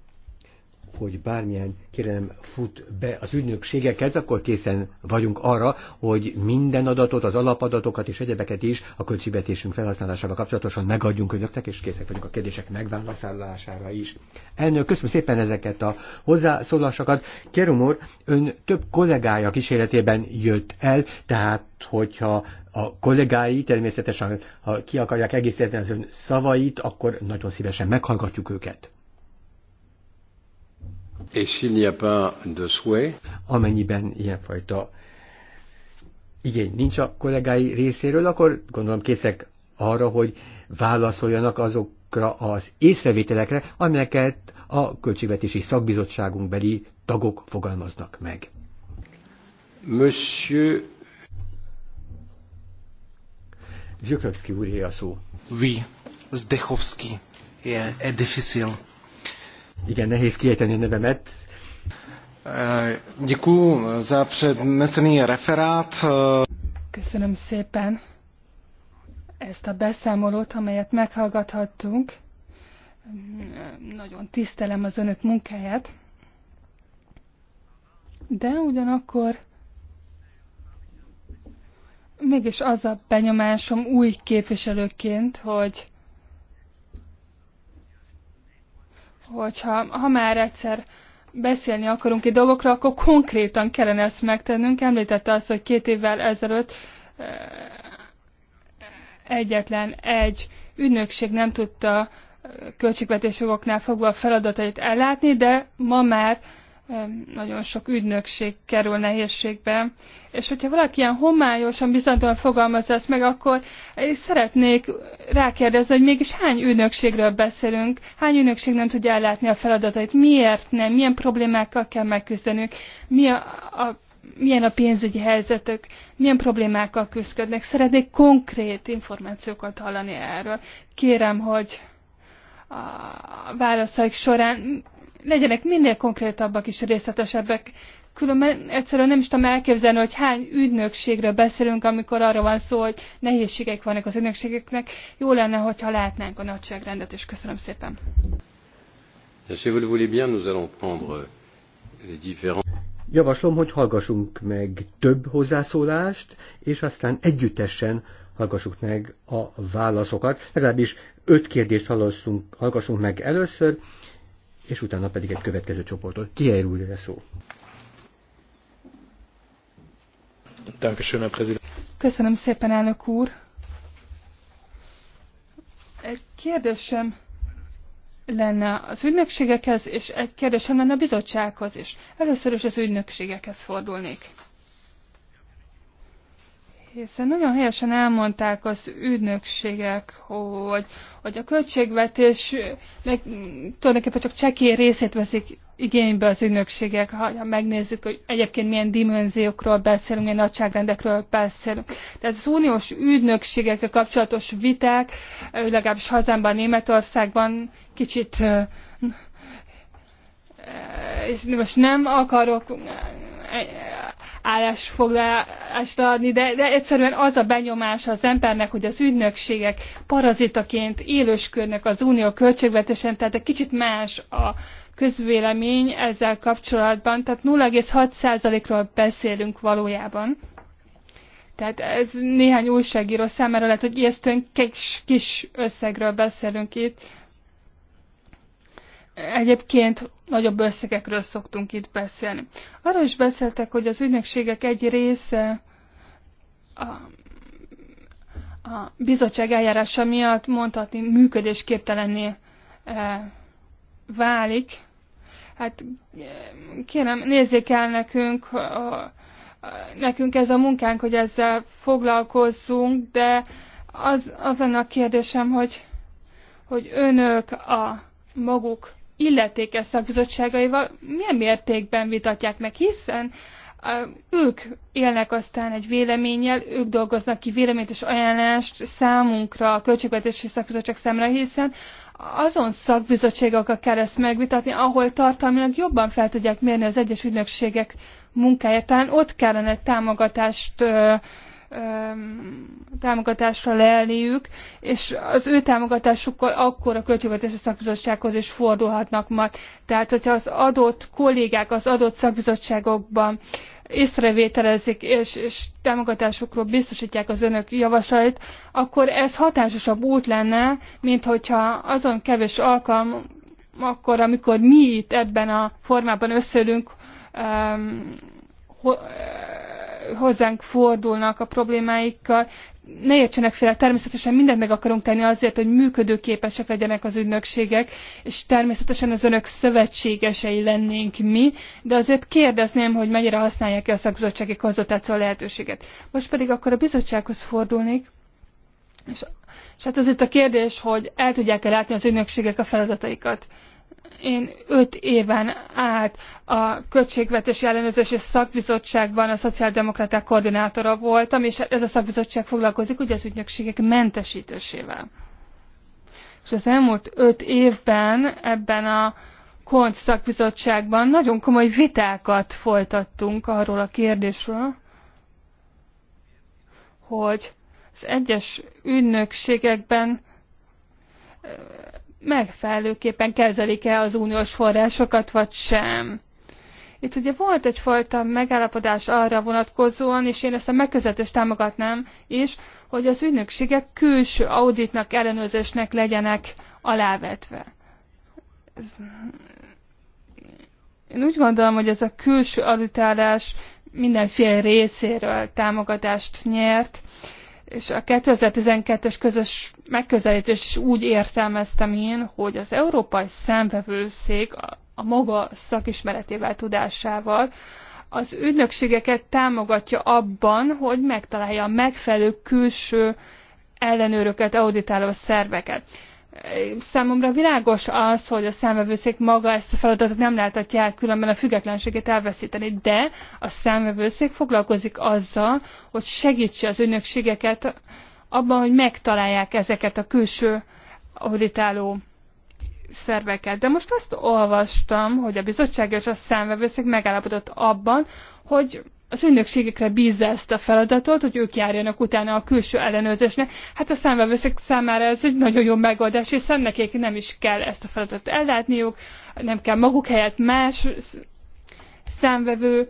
hogy bármilyen kérelem fut be az ügynökségekhez, akkor készen vagyunk arra, hogy minden adatot, az alapadatokat és egyebeket is a költségvetésünk felhasználásával kapcsolatosan megadjunk önöknek, és készek vagyunk a kérdések megválaszolására is. Elnök, köszönöm szépen ezeket a hozzászólásokat. Kérum úr, ön több kollégája kísérletében jött el, tehát hogyha a kollégái természetesen ha ki akarják egészíteni az ön szavait, akkor nagyon szívesen meghallgatjuk őket. És il n'y a pas de souhait. Amennyiben ilyenfajta igény nincs a kollégái részéről, akkor gondolom készek arra, hogy válaszoljanak azokra az észrevételekre, amelyeket a költségvetési szakbizottságunk beli tagok fogalmaznak meg. Monsieur Zsökövszki úr a szó. Oui, Yeah, je difficile igen, nehéz kiejteni a nevemet. Eh, Děkuji za přednesený referát. Köszönöm szépen ezt a beszámolót, amelyet meghallgathattunk. Nagyon tisztelem az önök munkáját. De ugyanakkor mégis az a benyomásom új képviselőként, hogy hogyha ha már egyszer beszélni akarunk egy dolgokra, akkor konkrétan kellene ezt megtennünk. Említette azt, hogy két évvel ezelőtt eh, egyetlen egy ügynökség nem tudta eh, költségvetési fogva a feladatait ellátni, de ma már nagyon sok ügynökség kerül nehézségbe, és hogyha valaki ilyen homályosan, bizonytalan fogalmazza ezt meg, akkor szeretnék rákérdezni, hogy mégis hány ügynökségről beszélünk, hány ügynökség nem tudja ellátni a feladatait, miért nem, milyen problémákkal kell megküzdenünk, mi a, a milyen a pénzügyi helyzetük, milyen problémákkal küzdködnek. Szeretnék konkrét információkat hallani erről. Kérem, hogy a válaszaik során legyenek minél konkrétabbak és részletesebbek. Különben egyszerűen nem is tudom elképzelni, hogy hány ügynökségről beszélünk, amikor arra van szó, hogy nehézségek vannak az ügynökségeknek. Jó lenne, hogyha látnánk a nagyságrendet, és köszönöm szépen. Javaslom, hogy hallgassunk meg több hozzászólást, és aztán együttesen hallgassuk meg a válaszokat. Legalábbis öt kérdést hallgassunk meg először, és utána pedig egy következő csoportot. Tiér a szó. Köszönöm szépen, elnök úr. Egy kérdésem lenne az ügynökségekhez, és egy kérdésem lenne a bizottsághoz is. Először is az ügynökségekhez fordulnék hiszen nagyon helyesen elmondták az ügynökségek, hogy, hogy a költségvetés meg, tulajdonképpen csak csekély részét veszik igénybe az ügynökségek. Ha, ha megnézzük, hogy egyébként milyen dimenziókról beszélünk, milyen nagyságrendekről beszélünk. Tehát az uniós ügynökségekkel kapcsolatos viták, legalábbis hazámban, Németországban kicsit és most nem akarok állásfoglalást adni, de, de egyszerűen az a benyomás az embernek, hogy az ügynökségek parazitaként élősködnek az unió költségvetésen, tehát egy kicsit más a közvélemény ezzel kapcsolatban, tehát 0,6%-ról beszélünk valójában. Tehát ez néhány újságíró számára lehet, hogy ijesztően kis, kis összegről beszélünk itt, Egyébként nagyobb összegekről szoktunk itt beszélni. Arról is beszéltek, hogy az ügynökségek egy része a, a bizottság eljárása miatt mondhatni működésképtelenné e, válik. Hát e, kérem, nézzék el nekünk, a, a, nekünk ez a munkánk, hogy ezzel foglalkozzunk, de az, az lenne a kérdésem, hogy, hogy önök a maguk illetékes szakbizottságaival milyen mértékben vitatják meg, hiszen ők élnek aztán egy véleménnyel, ők dolgoznak ki véleményt és ajánlást számunkra, a költségvetési szakbizottság számára, hiszen azon szakbizottságokkal kell ezt megvitatni, ahol tartalmilag jobban fel tudják mérni az egyes ügynökségek munkáját. Talán ott kellene támogatást támogatásra lelniük, és az ő támogatásukkal akkor a költségvetési szakbizottsághoz is fordulhatnak majd. Tehát, hogyha az adott kollégák az adott szakbizottságokban észrevételezik és, és támogatásukról biztosítják az önök javaslatait, akkor ez hatásosabb út lenne, mint hogyha azon kevés alkalom, akkor, amikor mi itt ebben a formában összeülünk, um, hozzánk fordulnak a problémáikkal. Ne értsenek félre, természetesen mindent meg akarunk tenni azért, hogy működőképesek legyenek az ügynökségek, és természetesen az önök szövetségesei lennénk mi, de azért kérdezném, hogy mennyire használják ki a szakbizottsági konzultáció lehetőséget. Most pedig akkor a bizottsághoz fordulnék. És, és hát az itt a kérdés, hogy el tudják-e látni az ügynökségek a feladataikat én öt éven át a Költségvetési Ellenőrzési Szakbizottságban a szociáldemokraták koordinátora voltam, és hát ez a szakbizottság foglalkozik ugye az ügynökségek mentesítésével. És az elmúlt öt évben ebben a KONT szakbizottságban nagyon komoly vitákat folytattunk arról a kérdésről, hogy az egyes ügynökségekben megfelelőképpen kezelik-e az uniós forrásokat, vagy sem. Itt ugye volt egyfajta megállapodás arra vonatkozóan, és én ezt a megközelítést támogatnám is, hogy az ügynökségek külső auditnak, ellenőrzésnek legyenek alávetve. Én úgy gondolom, hogy ez a külső auditálás mindenféle részéről támogatást nyert, és a 2012-es közös megközelítést is úgy értelmeztem én, hogy az Európai szemvevőszék a, a maga szakismeretével, tudásával az ügynökségeket támogatja abban, hogy megtalálja a megfelelő külső ellenőröket, auditáló szerveket számomra világos az, hogy a számvevőszék maga ezt a feladatot nem láthatja el, különben a függetlenségét elveszíteni, de a számvevőszék foglalkozik azzal, hogy segítse az ügynökségeket abban, hogy megtalálják ezeket a külső auditáló szerveket. De most azt olvastam, hogy a bizottság és a számvevőszék megállapodott abban, hogy az ügynökségekre bízza ezt a feladatot, hogy ők járjanak utána a külső ellenőrzésnek. Hát a számvevőszék számára ez egy nagyon jó megoldás, hiszen nekik nem is kell ezt a feladatot ellátniuk, nem kell maguk helyett más számvevő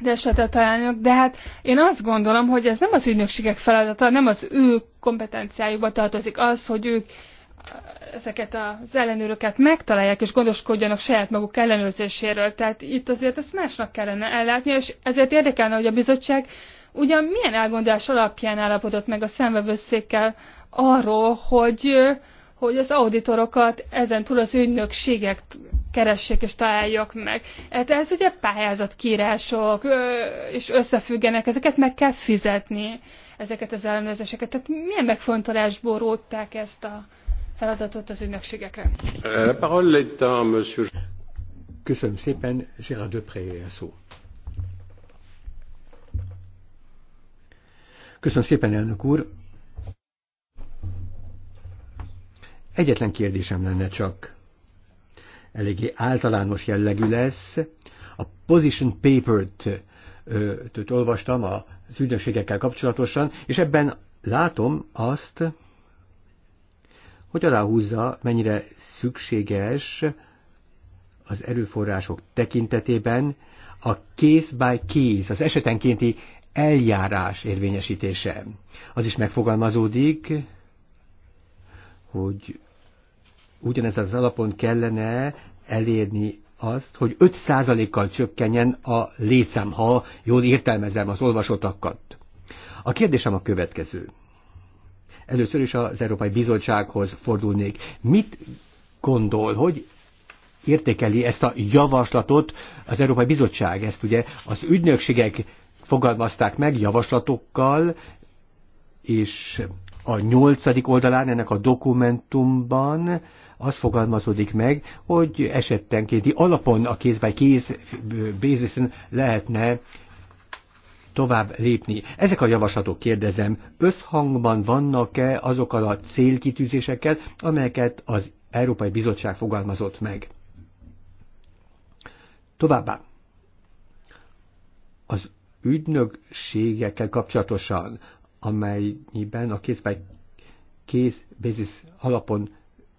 de esetet találnak, de hát én azt gondolom, hogy ez nem az ügynökségek feladata, nem az ő kompetenciájukba tartozik az, hogy ők ezeket az ellenőröket megtalálják, és gondoskodjanak saját maguk ellenőrzéséről. Tehát itt azért ezt másnak kellene ellátni, és ezért érdekelne, hogy a bizottság ugyan milyen elgondolás alapján állapodott meg a szemvevőszékkel arról, hogy, hogy az auditorokat ezen túl az ügynökségek keressék és találják meg. Hát ez ugye pályázatkírások, és összefüggenek, ezeket meg kell fizetni, ezeket az ellenőrzéseket. Tehát milyen megfontolásból rótták ezt a feladatot az ügynökségekre. Euh, Köszönöm szépen, Gérard Depré a szó. Köszönöm szépen, elnök úr. Egyetlen kérdésem lenne csak. Eléggé általános jellegű lesz. A position paper-t olvastam az ügynökségekkel kapcsolatosan, és ebben látom azt, hogy aláhúzza, mennyire szükséges az erőforrások tekintetében a case by case, az esetenkénti eljárás érvényesítése. Az is megfogalmazódik, hogy ugyanez az alapon kellene elérni azt, hogy 5%-kal csökkenjen a létszám, ha jól értelmezem az olvasottakat. A kérdésem a következő. Először is az Európai Bizottsághoz fordulnék. Mit gondol, hogy értékeli ezt a javaslatot az Európai Bizottság? Ezt ugye az ügynökségek fogalmazták meg javaslatokkal, és a nyolcadik oldalán ennek a dokumentumban az fogalmazódik meg, hogy esettenkénti alapon a kézbe kéz, kéz bézisen lehetne tovább lépni. Ezek a javaslatok, kérdezem, összhangban vannak-e azokkal a célkitűzésekkel, amelyeket az Európai Bizottság fogalmazott meg? Továbbá, az ügynökségekkel kapcsolatosan, amelyben a kész by kész basis alapon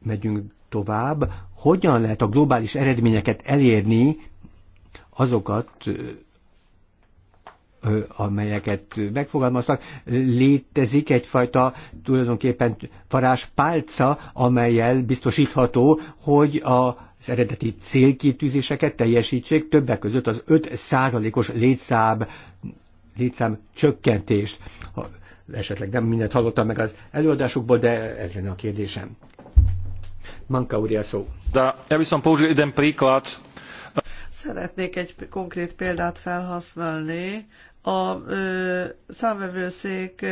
megyünk tovább, hogyan lehet a globális eredményeket elérni, azokat amelyeket megfogalmaztak, létezik egyfajta tulajdonképpen varázspálca, amelyel biztosítható, hogy a az eredeti célkitűzéseket teljesítsék, többek között az 5%-os létszám, létszám csökkentést. Ha esetleg nem mindent hallottam meg az előadásukból, de ez lenne a kérdésem. Manka úr, szó. De ja viszont použil Szeretnék egy konkrét példát felhasználni. A ö, számvevőszék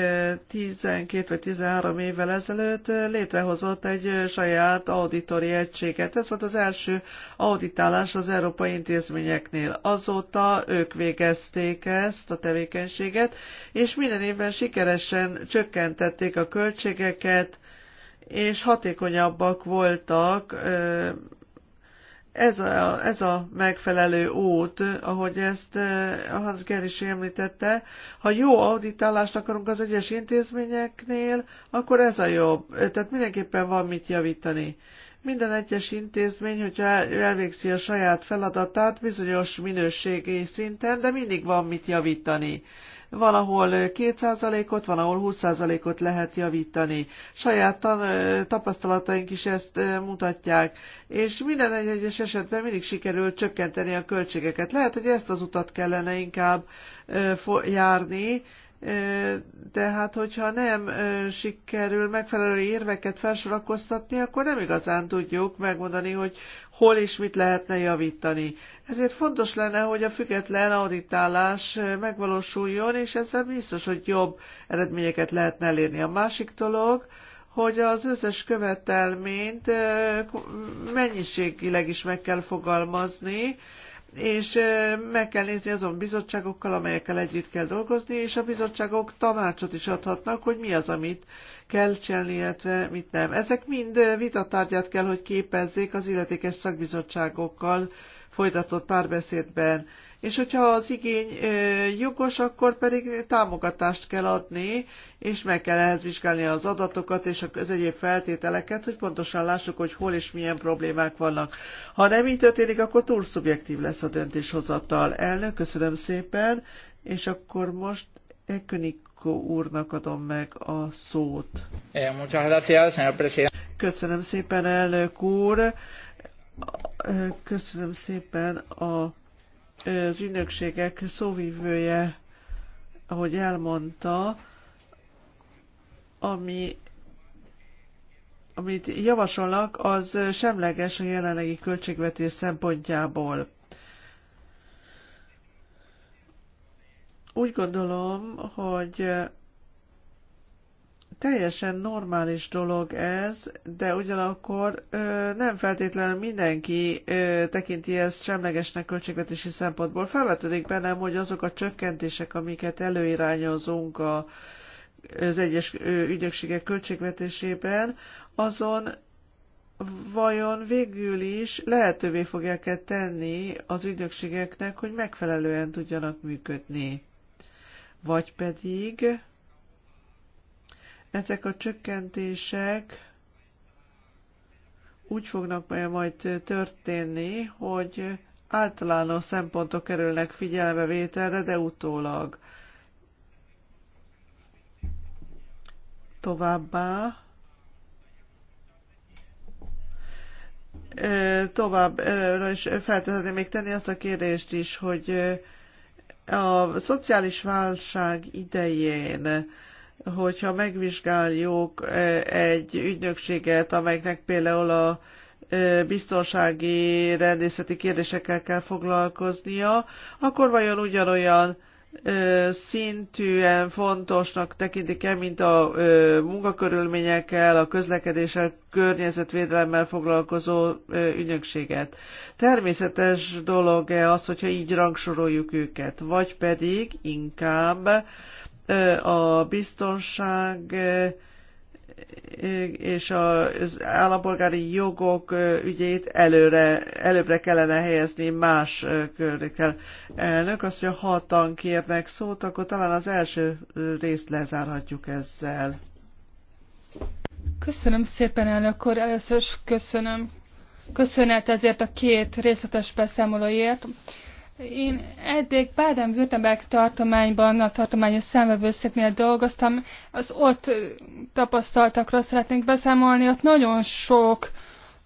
12 vagy 13 évvel ezelőtt létrehozott egy saját auditori egységet. Ez volt az első auditálás az európai intézményeknél. Azóta ők végezték ezt a tevékenységet, és minden évben sikeresen csökkentették a költségeket, és hatékonyabbak voltak ez a, ez a megfelelő út, ahogy ezt eh, Hans Ger is említette, ha jó auditálást akarunk az egyes intézményeknél, akkor ez a jobb. Tehát mindenképpen van mit javítani. Minden egyes intézmény, hogyha elvégzi a saját feladatát bizonyos minőségi szinten, de mindig van mit javítani valahol 2%-ot, van, ahol 20%-ot lehet javítani. Saját tan- tapasztalataink is ezt mutatják, és minden egyes esetben mindig sikerül csökkenteni a költségeket. Lehet, hogy ezt az utat kellene inkább járni, de hát hogyha nem sikerül megfelelő érveket felsorakoztatni, akkor nem igazán tudjuk megmondani, hogy hol és mit lehetne javítani. Ezért fontos lenne, hogy a független auditálás megvalósuljon, és ezzel biztos, hogy jobb eredményeket lehetne elérni. A másik dolog, hogy az összes követelményt eh, mennyiségileg is meg kell fogalmazni, és eh, meg kell nézni azon bizottságokkal, amelyekkel együtt kell dolgozni, és a bizottságok tanácsot is adhatnak, hogy mi az, amit kell csinálni, illetve mit nem. Ezek mind eh, vitatárgyát kell, hogy képezzék az illetékes szakbizottságokkal folytatott párbeszédben. És hogyha az igény jogos, akkor pedig támogatást kell adni, és meg kell ehhez vizsgálni az adatokat és az egyéb feltételeket, hogy pontosan lássuk, hogy hol és milyen problémák vannak. Ha nem így történik, akkor túl szubjektív lesz a döntéshozatal. Elnök, köszönöm szépen, és akkor most Ekonikó úrnak adom meg a szót. Eh, köszönöm szépen, elnök úr. Köszönöm szépen a, az ügynökségek szóvívője, ahogy elmondta, ami amit javasolnak, az semleges a jelenlegi költségvetés szempontjából. Úgy gondolom, hogy teljesen normális dolog ez, de ugyanakkor ö, nem feltétlenül mindenki ö, tekinti ezt semlegesnek költségvetési szempontból. Felvetődik bennem, hogy azok a csökkentések, amiket előirányozunk a, az egyes ügynökségek költségvetésében, azon vajon végül is lehetővé fogják-e tenni az ügynökségeknek, hogy megfelelően tudjanak működni? Vagy pedig ezek a csökkentések úgy fognak majd történni, hogy általános szempontok kerülnek vételre, de utólag. Továbbá továbbra is feltehetném még tenni azt a kérdést is, hogy a szociális válság idején hogyha megvizsgáljuk e, egy ügynökséget, amelynek például a e, biztonsági rendészeti kérdésekkel kell foglalkoznia, akkor vajon ugyanolyan e, szintűen fontosnak tekintik-e, mint a munkakörülményekkel, a közlekedéssel, környezetvédelemmel foglalkozó ügynökséget. Természetes dolog-e az, hogyha így rangsoroljuk őket, vagy pedig inkább a biztonság és az állampolgári jogok ügyét előre, előbbre kellene helyezni más körökkel. Elnök azt mondja, hatan kérnek szót, akkor talán az első részt lezárhatjuk ezzel. Köszönöm szépen, elnök úr. Először is köszönöm. Köszönet ezért a két részletes beszámolóért. Én eddig Baden-Württemberg tartományban, a tartományos számvevőszéknél dolgoztam. Az ott tapasztaltakról szeretnék beszámolni. Ott nagyon sok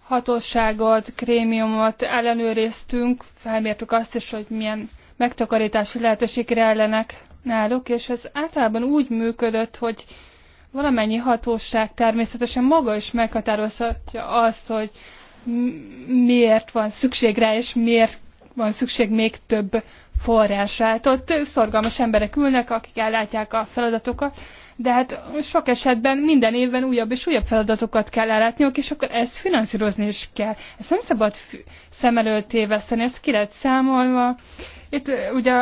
hatóságot, krémiumot ellenőriztünk, felmértük azt is, hogy milyen megtakarítási lehetőségre ellenek náluk, és ez általában úgy működött, hogy valamennyi hatóság természetesen maga is meghatározhatja azt, hogy miért van szükség rá, és miért van szükség még több forrásra. Hát ott szorgalmas emberek ülnek, akik ellátják a feladatokat, de hát sok esetben minden évben újabb és újabb feladatokat kell ellátniuk, és akkor ezt finanszírozni is kell. Ezt nem szabad szem előtt téveszteni, ezt ki lehet számolva. Itt ugye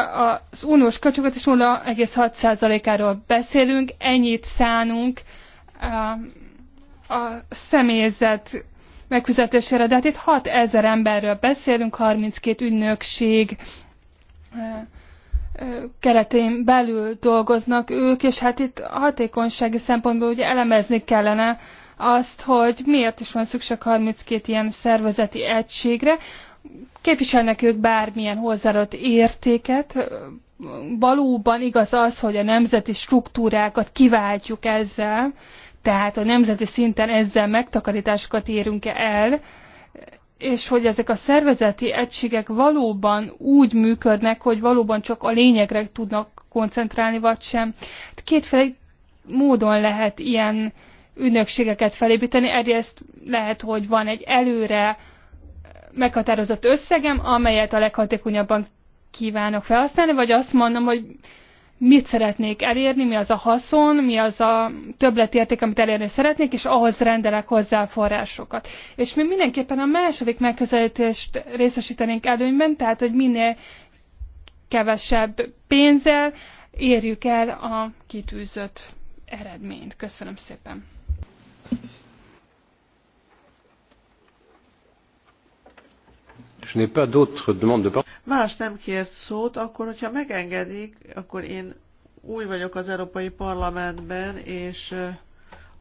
az uniós költséget is 0,6%-áról beszélünk, ennyit szánunk a személyzet megfizetésére. De hát itt 6 ezer emberről beszélünk, 32 ügynökség keretén belül dolgoznak ők, és hát itt hatékonysági szempontból ugye elemezni kellene azt, hogy miért is van szükség 32 ilyen szervezeti egységre. Képviselnek ők bármilyen hozzáadott értéket, valóban igaz az, hogy a nemzeti struktúrákat kiváltjuk ezzel, tehát a nemzeti szinten ezzel megtakarításokat érünk el, és hogy ezek a szervezeti egységek valóban úgy működnek, hogy valóban csak a lényegre tudnak koncentrálni, vagy sem. Hát kétféle módon lehet ilyen ügynökségeket felépíteni. Egyrészt lehet, hogy van egy előre meghatározott összegem, amelyet a leghatékonyabban kívánok felhasználni, vagy azt mondom, hogy mit szeretnék elérni, mi az a haszon, mi az a többletérték, amit elérni szeretnék, és ahhoz rendelek hozzá forrásokat. És mi mindenképpen a második megközelítést részesítenénk előnyben, tehát hogy minél kevesebb pénzzel érjük el a kitűzött eredményt. Köszönöm szépen! Más nem kért szót, akkor hogyha megengedik, akkor én új vagyok az Európai Parlamentben, és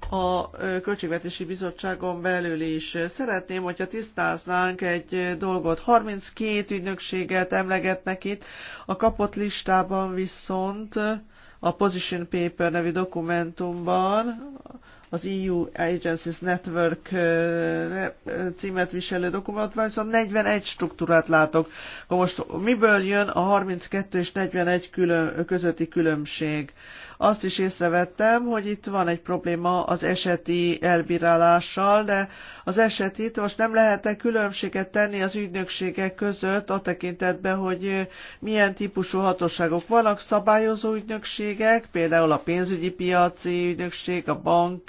a Költségvetési Bizottságon belül is. Szeretném, hogyha tisztáznánk egy dolgot. 32 ügynökséget emlegetnek itt, a kapott listában viszont a Position Paper nevű dokumentumban az EU Agencies Network címet viselő dokumentumban, szóval 41 struktúrát látok. Most miből jön a 32 és 41 külön, közötti különbség? Azt is észrevettem, hogy itt van egy probléma az eseti elbírálással, de az esetit most nem lehet-e különbséget tenni az ügynökségek között a tekintetben, hogy milyen típusú hatóságok vannak, szabályozó ügynökségek, például a pénzügyi piaci ügynökség, a bank,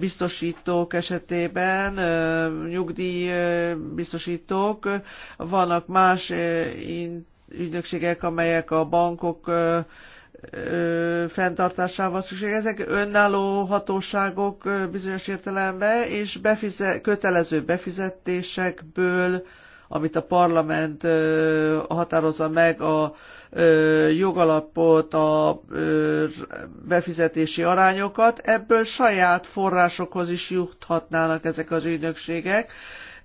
biztosítók esetében, nyugdíj biztosítók, vannak más ügynökségek, amelyek a bankok ö, fenntartásával szükség. Ezek önálló hatóságok ö, bizonyos értelemben, és befize, kötelező befizetésekből, amit a parlament ö, határozza meg a ö, jogalapot, a ö, befizetési arányokat, ebből saját forrásokhoz is juthatnának ezek az ügynökségek,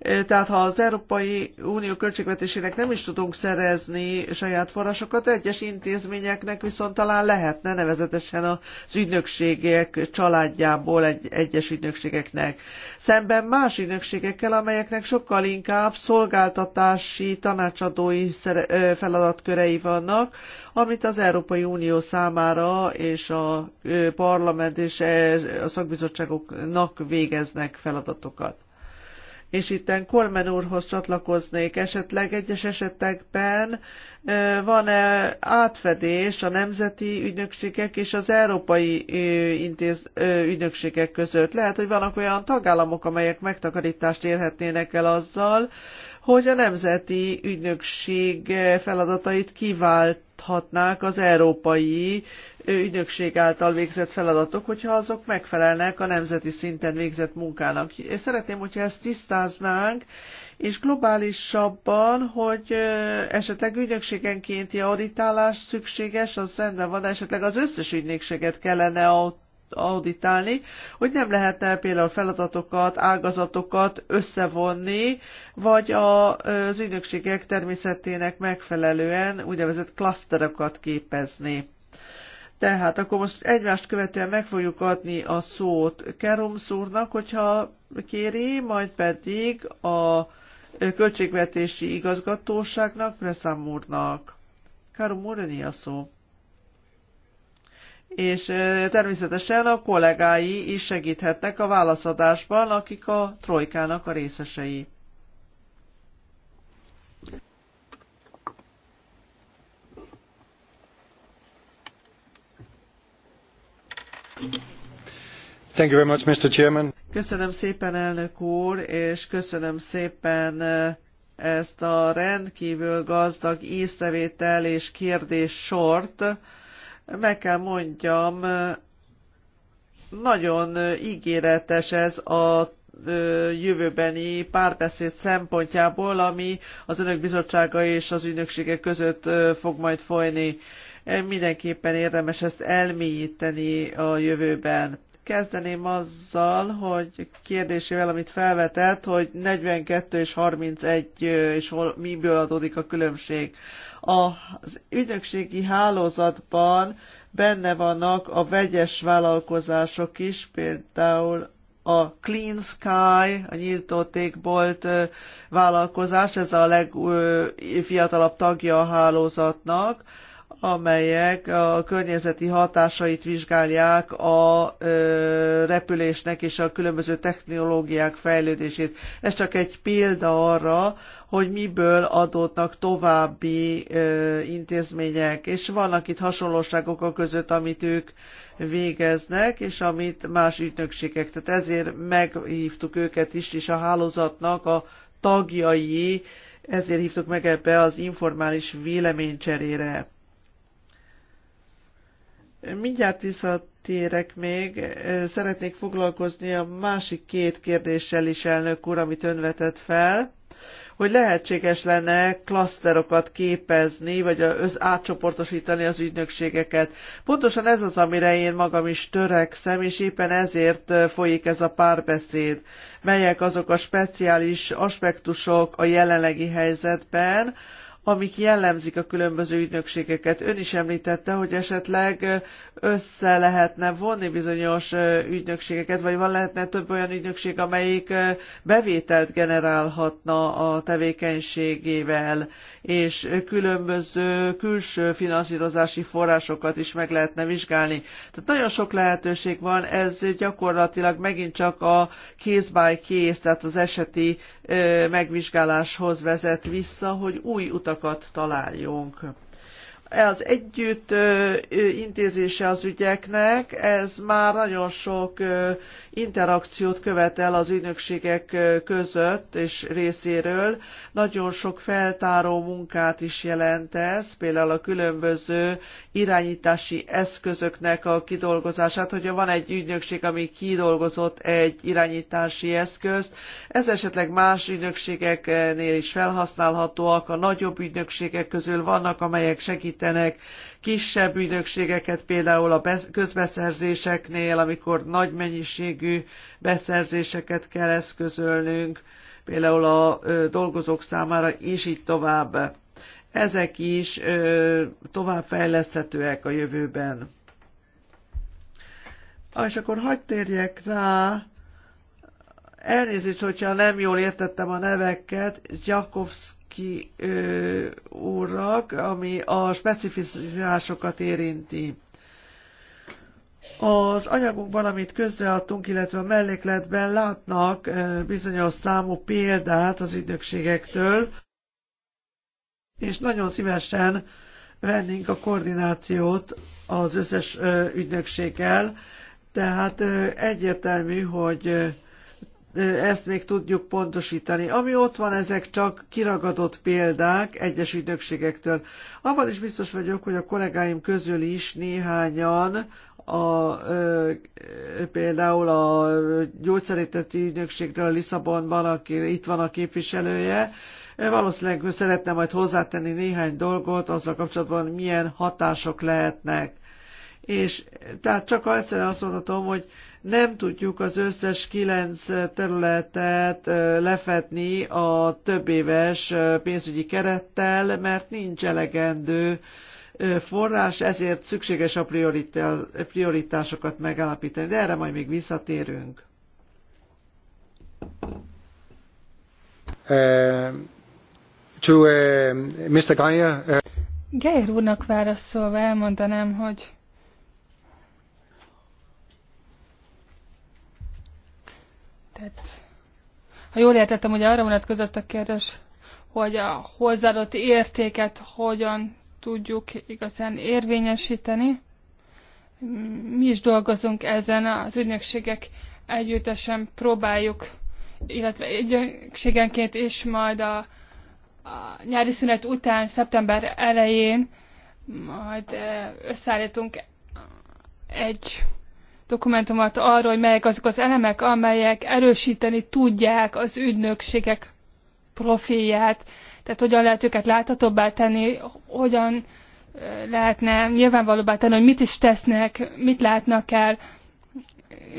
tehát ha az Európai Unió költségvetésének nem is tudunk szerezni saját forrásokat, egyes intézményeknek viszont talán lehetne, nevezetesen az ügynökségek családjából egy, egyes ügynökségeknek. Szemben más ügynökségekkel, amelyeknek sokkal inkább szolgáltatási tanácsadói feladatkörei vannak, amit az Európai Unió számára és a parlament és a szakbizottságoknak végeznek feladatokat és itten Kolmen úrhoz csatlakoznék. Esetleg egyes esetekben van-e átfedés a nemzeti ügynökségek és az európai intéz, ügynökségek között? Lehet, hogy vannak olyan tagállamok, amelyek megtakarítást érhetnének el azzal, hogy a nemzeti ügynökség feladatait kivált láthatnák az európai ügynökség által végzett feladatok, hogyha azok megfelelnek a nemzeti szinten végzett munkának. És szeretném, hogyha ezt tisztáznánk, és globálisabban, hogy esetleg ügynökségenkénti auditálás szükséges, az rendben van, esetleg az összes ügynökséget kellene ott auditálni, hogy nem lehetne például feladatokat, ágazatokat összevonni, vagy a, az ügynökségek természetének megfelelően úgynevezett klaszterokat képezni. Tehát akkor most egymást követően meg fogjuk adni a szót Kerumsz úrnak, hogyha kéri, majd pedig a költségvetési igazgatóságnak, Preszám úrnak. Kerum úr, a szó és természetesen a kollégái is segíthetnek a válaszadásban, akik a trojkának a részesei. Thank you very much, Mr. Chairman. Köszönöm szépen, elnök úr, és köszönöm szépen ezt a rendkívül gazdag észrevétel és kérdés sort, meg kell mondjam, nagyon ígéretes ez a jövőbeni párbeszéd szempontjából, ami az önök bizottsága és az ügynöksége között fog majd folyni. Mindenképpen érdemes ezt elmélyíteni a jövőben. Kezdeném azzal, hogy kérdésével, amit felvetett, hogy 42 és 31, és hol, miből adódik a különbség. Az ügynökségi hálózatban benne vannak a vegyes vállalkozások is, például a Clean Sky, a nyíltótékbolt vállalkozás, ez a legfiatalabb tagja a hálózatnak, amelyek a környezeti hatásait vizsgálják a repülésnek és a különböző technológiák fejlődését. Ez csak egy példa arra, hogy miből adódnak további intézmények, és vannak itt hasonlóságok a között, amit ők végeznek, és amit más ügynökségek. Tehát ezért meghívtuk őket is, és a hálózatnak a tagjai, ezért hívtuk meg ebbe az informális véleménycserére. Mindjárt visszatérek még, szeretnék foglalkozni a másik két kérdéssel is, elnök úr, amit ön vetett fel, hogy lehetséges lenne klaszterokat képezni, vagy az átcsoportosítani az ügynökségeket. Pontosan ez az, amire én magam is törekszem, és éppen ezért folyik ez a párbeszéd, melyek azok a speciális aspektusok a jelenlegi helyzetben, amik jellemzik a különböző ügynökségeket. Ön is említette, hogy esetleg össze lehetne vonni bizonyos ügynökségeket, vagy van lehetne több olyan ügynökség, amelyik bevételt generálhatna a tevékenységével, és különböző külső finanszírozási forrásokat is meg lehetne vizsgálni. Tehát nagyon sok lehetőség van, ez gyakorlatilag megint csak a case by case, tehát az eseti megvizsgáláshoz vezet vissza, hogy új utak megoldásokat találjunk az együtt intézése az ügyeknek, ez már nagyon sok interakciót követel az ügynökségek között és részéről. Nagyon sok feltáró munkát is jelent ez, például a különböző irányítási eszközöknek a kidolgozását, hogyha van egy ügynökség, ami kidolgozott egy irányítási eszközt, ez esetleg más ügynökségeknél is felhasználhatóak, a nagyobb ügynökségek közül vannak, amelyek segít segítenek, kisebb ügynökségeket például a közbeszerzéseknél, amikor nagy mennyiségű beszerzéseket kell eszközölnünk, például a dolgozók számára, és így tovább. Ezek is továbbfejleszthetőek a jövőben. Ah, és akkor hagyd térjek rá, elnézést, hogyha nem jól értettem a neveket, Gyakovsz ö, úrnak, ami a specifizásokat érinti. Az anyagunkban, amit közreadtunk, illetve a mellékletben látnak bizonyos számú példát az ügynökségektől, és nagyon szívesen vennénk a koordinációt az összes ügynökséggel, tehát egyértelmű, hogy ezt még tudjuk pontosítani. Ami ott van, ezek csak kiragadott példák egyes ügynökségektől. Abban is biztos vagyok, hogy a kollégáim közül is néhányan a, például a gyógyszeréteti ügynökségről Lisszabonban, aki itt van a képviselője, valószínűleg szeretne majd hozzátenni néhány dolgot azzal kapcsolatban, milyen hatások lehetnek. És tehát csak egyszerűen azt mondhatom, hogy nem tudjuk az összes kilenc területet lefetni a több éves pénzügyi kerettel, mert nincs elegendő forrás, ezért szükséges a prioritásokat megállapítani, de erre majd még visszatérünk. Uh, to, uh, Mr. Geyer, uh... Geyer úrnak válaszolva elmondanám, hogy Tehát, ha jól értettem, ugye arra vonatkozott a kérdés, hogy a hozzáadott értéket hogyan tudjuk igazán érvényesíteni. Mi is dolgozunk ezen, az ügynökségek együttesen próbáljuk, illetve ügynökségenként is majd a, a nyári szünet után, szeptember elején majd eh, összeállítunk egy dokumentumot arról, hogy melyek azok az elemek, amelyek erősíteni tudják az ügynökségek profilját, tehát hogyan lehet őket láthatóbbá tenni, hogyan lehetne nyilvánvalóbbá tenni, hogy mit is tesznek, mit látnak el.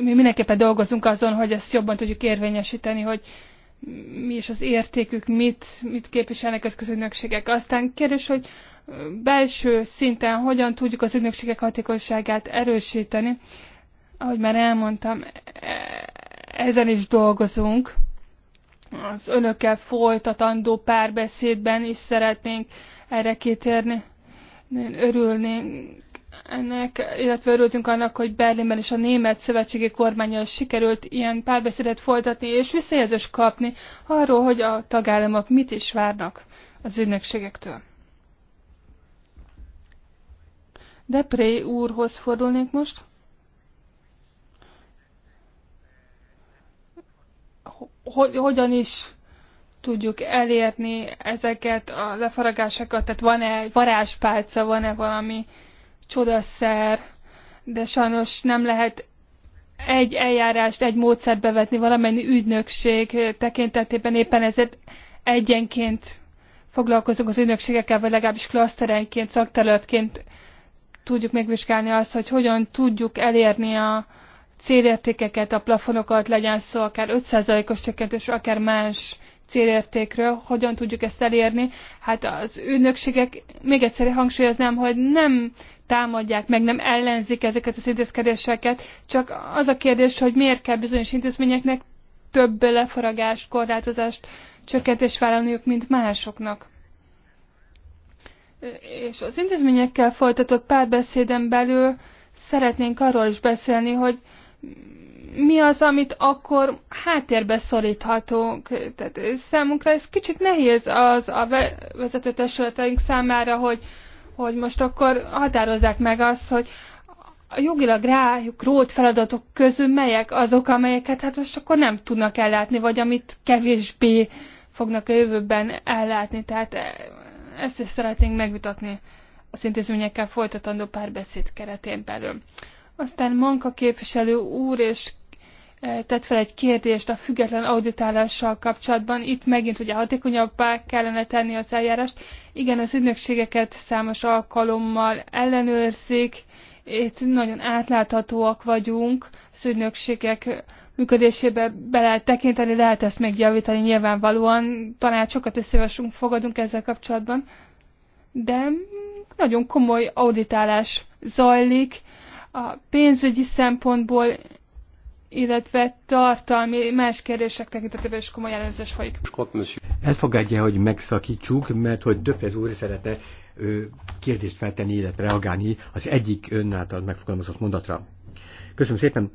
Mi mindenképpen dolgozunk azon, hogy ezt jobban tudjuk érvényesíteni, hogy mi is az értékük, mit, mit képviselnek ezek az ügynökségek. Aztán kérdés, hogy belső szinten hogyan tudjuk az ügynökségek hatékonyságát erősíteni ahogy már elmondtam, e, ezen is dolgozunk. Az önökkel folytatandó párbeszédben is szeretnénk erre kitérni. Örülnénk ennek, illetve örültünk annak, hogy Berlinben is a német szövetségi kormányjal sikerült ilyen párbeszédet folytatni és visszajelzést kapni arról, hogy a tagállamok mit is várnak az De Depré úrhoz fordulnék most. hogy, hogyan is tudjuk elérni ezeket a lefaragásokat, tehát van-e varázspálca, van-e valami csodaszer, de sajnos nem lehet egy eljárást, egy módszert bevetni valamennyi ügynökség tekintetében, éppen ezért egyenként foglalkozunk az ügynökségekkel, vagy legalábbis klaszterenként, szakterületként tudjuk megvizsgálni azt, hogy hogyan tudjuk elérni a, célértékeket, a plafonokat, legyen szó akár 5%-os csökkentés, akár más célértékről, hogyan tudjuk ezt elérni. Hát az ügynökségek, még egyszer hangsúlyoznám, hogy nem támadják meg, nem ellenzik ezeket az intézkedéseket, csak az a kérdés, hogy miért kell bizonyos intézményeknek több lefaragást, korlátozást, csökkentést vállalniuk, mint másoknak. És az intézményekkel folytatott párbeszéden belül szeretnénk arról is beszélni, hogy mi az, amit akkor háttérbe szoríthatunk. Tehát számunkra ez kicsit nehéz az a vezetőtestületeink számára, hogy, hogy most akkor határozzák meg azt, hogy a jogilag rájuk rót feladatok közül melyek azok, amelyeket hát most akkor nem tudnak ellátni, vagy amit kevésbé fognak a jövőben ellátni. Tehát ezt is szeretnénk megvitatni az intézményekkel folytatandó párbeszéd keretén belül. Aztán Manka képviselő úr és eh, tett fel egy kérdést a független auditálással kapcsolatban. Itt megint ugye hatékonyabbá kellene tenni az eljárást. Igen, az ügynökségeket számos alkalommal ellenőrzik, itt nagyon átláthatóak vagyunk, az ügynökségek működésébe be lehet tekinteni, lehet ezt még javítani nyilvánvalóan, tanácsokat és szívesünk fogadunk ezzel kapcsolatban, de nagyon komoly auditálás zajlik, a pénzügyi szempontból, illetve tartalmi más kérdések tekintetében is komoly előzés folyik. Elfogadja, hogy megszakítsuk, mert hogy Döpez úr szeretne kérdést feltenni, illetve reagálni az egyik önáltal megfogalmazott mondatra. Köszönöm szépen!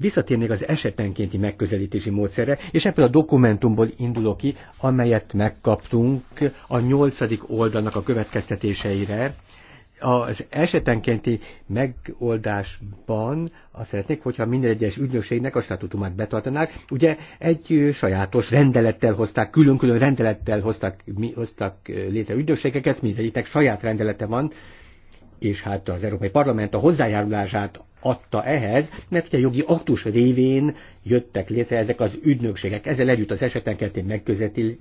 Visszatérnék az esetenkénti megközelítési módszerre, és ebből a dokumentumból indulok ki, amelyet megkaptunk a nyolcadik oldalnak a következtetéseire, az esetenkénti megoldásban azt szeretnék, hogyha minden egyes ügynökségnek a statutumát betartanák. Ugye egy sajátos rendelettel hozták, külön-külön rendelettel hoztak, mi, hoztak létre ügynökségeket, mindegyiknek saját rendelete van, és hát az Európai Parlament a hozzájárulását adta ehhez, mert ugye jogi aktus révén jöttek létre ezek az ügynökségek. Ezzel együtt az esetenkénti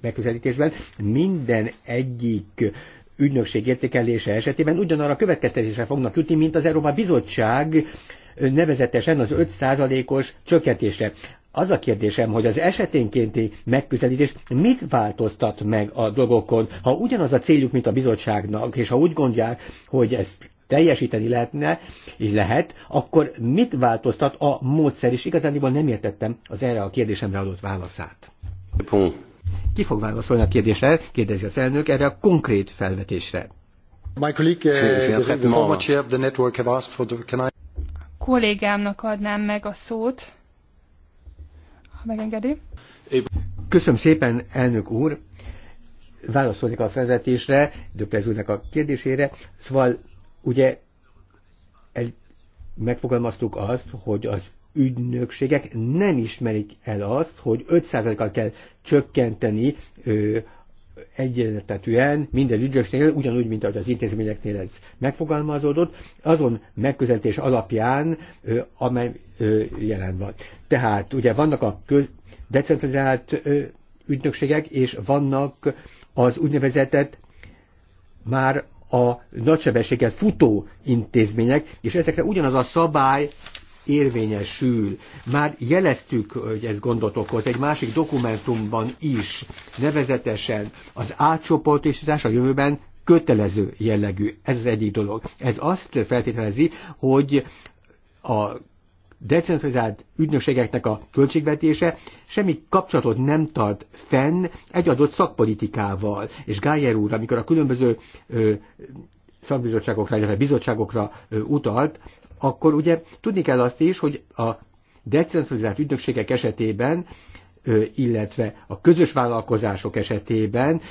megközelítésben minden egyik ügynökség értékelése esetében ugyanarra a következtetésre fognak jutni, mint az Európa Bizottság nevezetesen az 5%-os csökkentésre. Az a kérdésem, hogy az eseténkénti megközelítés mit változtat meg a dolgokon, ha ugyanaz a céljuk, mint a bizottságnak, és ha úgy gondolják, hogy ezt teljesíteni lehetne, és lehet, akkor mit változtat a módszer, és igazániból nem értettem az erre a kérdésemre adott válaszát. Ki fog válaszolni a kérdésre, kérdezi az elnök erre a konkrét felvetésre. My colleague, uh, the, former chair of the network have asked for the, can I... Kollégámnak adnám meg a szót, ha megengedi. Köszönöm szépen, elnök úr. Válaszolik a felvetésre, Döprez úrnak a kérdésére. Szóval ugye megfogalmaztuk azt, hogy az ügynökségek nem ismerik el azt, hogy 5%-kal kell csökkenteni ö, egyenletetűen minden ügynökségnél, ugyanúgy, mint ahogy az intézményeknél ez megfogalmazódott, azon megközelítés alapján, ö, amely ö, jelen van. Tehát ugye vannak a köz, decentralizált ö, ügynökségek, és vannak az úgynevezett már a nagysebességet futó intézmények, és ezekre ugyanaz a szabály érvényesül. Már jeleztük, hogy ez gondot okoz egy másik dokumentumban is, nevezetesen az átcsoportosítás a jövőben kötelező jellegű. Ez az egyik dolog. Ez azt feltételezi, hogy a decentralizált ügynökségeknek a költségvetése semmi kapcsolatot nem tart fenn egy adott szakpolitikával. És Gájer úr, amikor a különböző ö, szakbizottságokra, illetve bizottságokra ö, utalt, akkor ugye tudni kell azt is, hogy a decentralizált ügynökségek esetében, illetve a közös vállalkozások esetében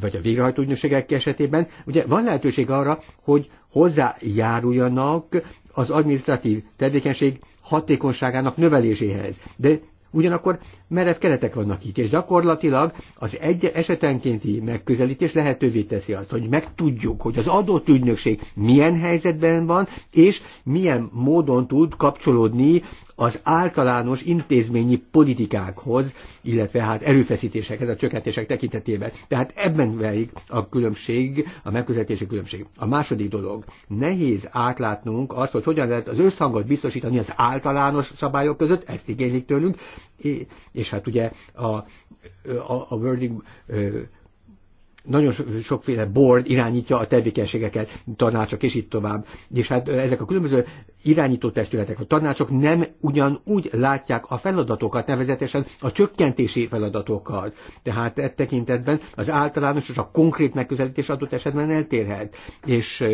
vagy a végrehajtó ügynökségek esetében, ugye van lehetőség arra, hogy hozzájáruljanak az administratív tevékenység hatékonyságának növeléséhez. De Ugyanakkor merev keretek vannak itt, és gyakorlatilag az egy esetenkénti megközelítés lehetővé teszi azt, hogy megtudjuk, hogy az adott ügynökség milyen helyzetben van, és milyen módon tud kapcsolódni az általános intézményi politikákhoz, illetve hát erőfeszítésekhez a csökkentések tekintetében. Tehát ebben velik a különbség, a megközelítési különbség. A második dolog, nehéz átlátnunk azt, hogy hogyan lehet az összhangot biztosítani az általános szabályok között, ezt igénylik tőlünk, és hát ugye a, a, a wording nagyon sokféle board irányítja a tevékenységeket, tanácsok és így tovább. És hát ezek a különböző irányító testületek, a tanácsok nem ugyanúgy látják a feladatokat, nevezetesen a csökkentési feladatokat. Tehát e tekintetben az általános és a konkrét megközelítés adott esetben eltérhet. És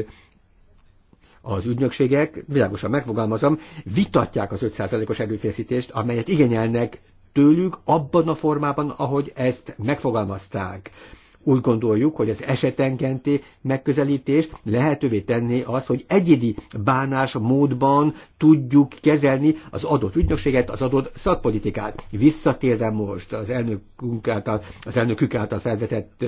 az ügynökségek, világosan megfogalmazom, vitatják az 5%-os erőfeszítést, amelyet igényelnek tőlük abban a formában, ahogy ezt megfogalmazták. Úgy gondoljuk, hogy az esetenkénti megközelítés lehetővé tenné az, hogy egyedi bánás módban tudjuk kezelni az adott ügynökséget, az adott szakpolitikát. Visszatérve most az elnökünk által, az elnökük által felvetett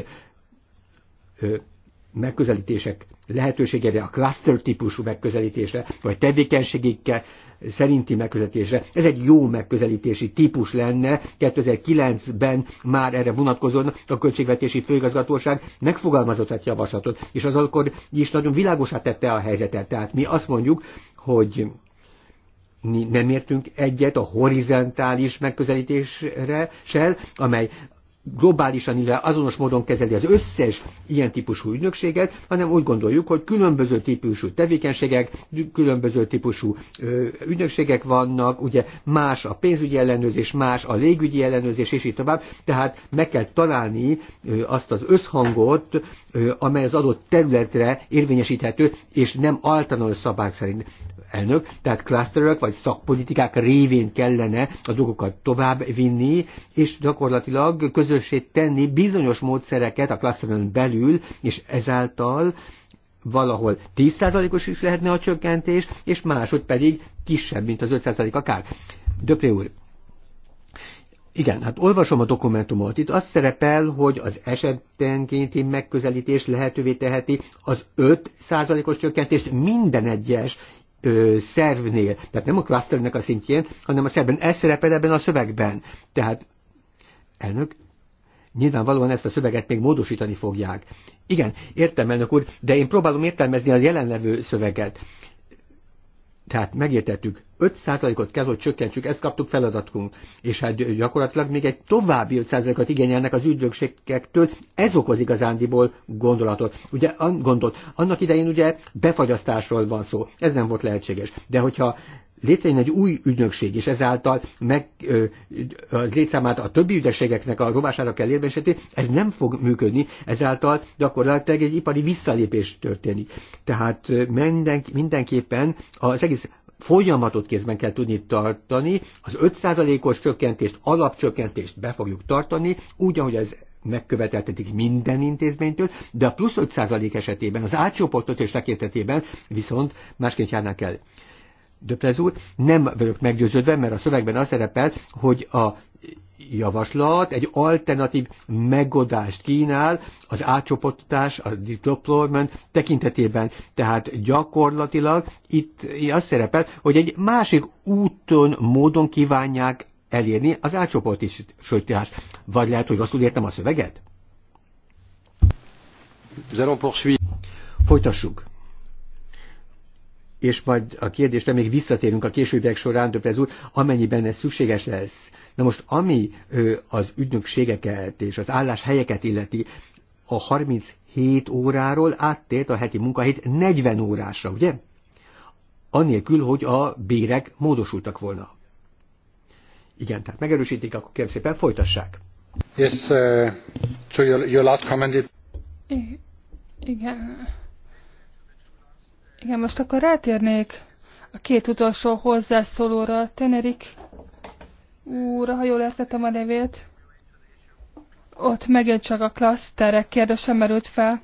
megközelítések lehetőségére, a cluster típusú megközelítésre, vagy tevékenységikkel szerinti megközelítésre. Ez egy jó megközelítési típus lenne. 2009-ben már erre vonatkozóan a Költségvetési Főigazgatóság megfogalmazott egy javaslatot, és az akkor is nagyon világosá tette a helyzetet. Tehát mi azt mondjuk, hogy nem értünk egyet a horizontális megközelítésre, sel, amely globálisan, illetve azonos módon kezeli az összes ilyen típusú ügynökséget, hanem úgy gondoljuk, hogy különböző típusú tevékenységek, különböző típusú ö, ügynökségek vannak, ugye más a pénzügyi ellenőrzés, más a légügyi ellenőrzés, és így tovább, tehát meg kell találni ö, azt az összhangot, ö, amely az adott területre érvényesíthető, és nem általános szabály szerint elnök, tehát klaszterök vagy szakpolitikák révén kellene a dolgokat tovább vinni, és gyakorlatilag közössé tenni bizonyos módszereket a klaszteron belül, és ezáltal valahol 10%-os is lehetne a csökkentés, és máshogy pedig kisebb, mint az 5% akár. Döpré úr, igen, hát olvasom a dokumentumot. Itt az szerepel, hogy az esetenkénti megközelítés lehetővé teheti az 5 os csökkentést minden egyes ö, szervnél. Tehát nem a clusternek a szintjén, hanem a szervben. Ez szerepel ebben a szövegben. Tehát, elnök, nyilvánvalóan ezt a szöveget még módosítani fogják. Igen, értem, elnök úr, de én próbálom értelmezni a jelenlevő szöveget tehát megértettük, 5%-ot kell, hogy csökkentsük, ezt kaptuk feladatunk, és hát gyakorlatilag még egy további 5%-ot igényelnek az ügynökségektől, ez okoz igazándiból gondolatot. Ugye gondolt, annak idején ugye befagyasztásról van szó, ez nem volt lehetséges, de hogyha létrejön egy új ügynökség, és ezáltal meg, ö, az létszámát a többi ügyességeknek a rovására kell érvényesíteni, ez nem fog működni, ezáltal gyakorlatilag egy ipari visszalépés történik. Tehát minden, mindenképpen az egész folyamatot kézben kell tudni tartani, az 5%-os csökkentést, alapcsökkentést be fogjuk tartani, úgy, ahogy ez megköveteltetik minden intézménytől, de a plusz 5% esetében, az átcsoportot és tekintetében viszont másként járnak el. Döprez úr, nem vagyok meggyőződve, mert a szövegben az szerepel, hogy a javaslat egy alternatív megoldást kínál az átcsoportás, a deployment tekintetében. Tehát gyakorlatilag itt az szerepel, hogy egy másik úton, módon kívánják elérni az átcsoportosítást. Vagy lehet, hogy rosszul értem a szöveget? Folytassuk és majd a kérdésre még visszatérünk a későbbiek során, ez úr, amennyiben ez szükséges lesz. Na most, ami az ügynökségeket és az álláshelyeket illeti, a 37 óráról áttért a heti munkahét 40 órásra, ugye? Anélkül, hogy a bérek módosultak volna. Igen, tehát megerősítik, akkor kérem szépen folytassák. Yes, uh, so your, your last comment. It... Igen. Igen, most akkor rátérnék a két utolsó hozzászólóra, Tenerik úr, ha jól értettem a nevét. Ott megint csak a klaszterek kérdése merült fel.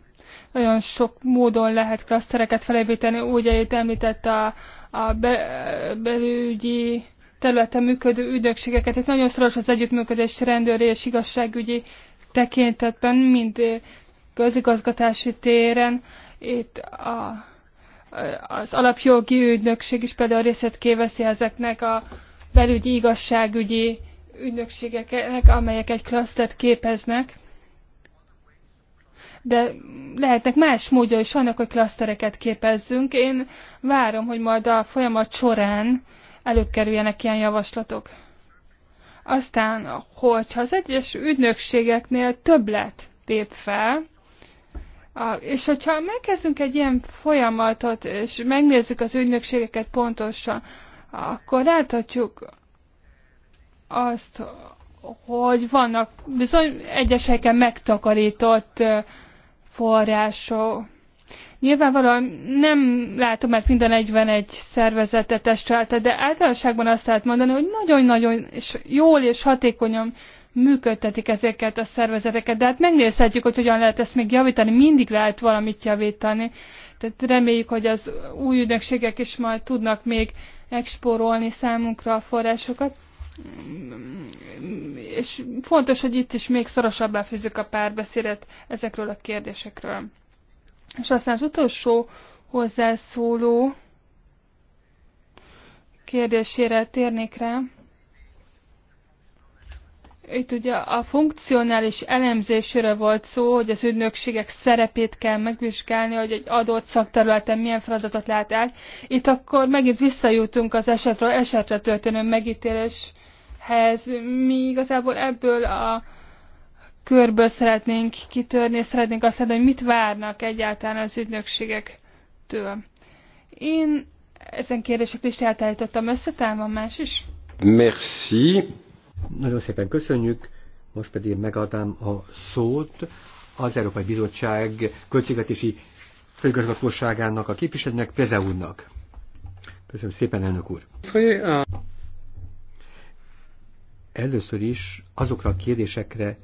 Nagyon sok módon lehet klasztereket felépíteni, úgy, ahogy említett a, a be, belügyi területen működő ügynökségeket. Itt nagyon szoros az együttműködés rendőri és igazságügyi tekintetben, mind eh, közigazgatási téren. Itt a az alapjogi ügynökség is például részét kiveszi ezeknek a belügyi igazságügyi ügynökségeknek, amelyek egy klasztert képeznek. De lehetnek más módja is vannak, hogy klasztereket képezzünk. Én várom, hogy majd a folyamat során előkerüljenek ilyen javaslatok. Aztán, hogyha az egyes ügynökségeknél többlet lép fel, a, és hogyha megkezdünk egy ilyen folyamatot, és megnézzük az ügynökségeket pontosan, akkor láthatjuk azt, hogy vannak bizony egyes helyeken megtakarított források. Nyilvánvalóan nem látom mert minden 41 szervezetet testülte, de általánoságban azt lehet mondani, hogy nagyon-nagyon és jól és hatékonyan működtetik ezeket a szervezeteket. De hát megnézhetjük, hogy hogyan lehet ezt még javítani. Mindig lehet valamit javítani. Tehát reméljük, hogy az új ügynökségek is majd tudnak még megspórolni számunkra a forrásokat. És fontos, hogy itt is még szorosabbá fűzzük a párbeszédet ezekről a kérdésekről. És aztán az utolsó hozzászóló kérdésére térnék rá. Itt ugye a funkcionális elemzésről volt szó, hogy az ügynökségek szerepét kell megvizsgálni, hogy egy adott szakterületen milyen feladatot lát el. Itt akkor megint visszajutunk az esetről esetre történő megítéléshez. Mi igazából ebből a körből szeretnénk kitörni, és szeretnénk azt mondani, hogy mit várnak egyáltalán az ügynökségektől. Én ezen kérdések listáját állítottam össze, talán van más is. Merci. Nagyon szépen köszönjük, most pedig megadám a szót az Európai Bizottság költségvetési főgazgatóságának, a képviselőnek, Peze úrnak. Köszönöm szépen, elnök úr. Először is azokra a kérdésekre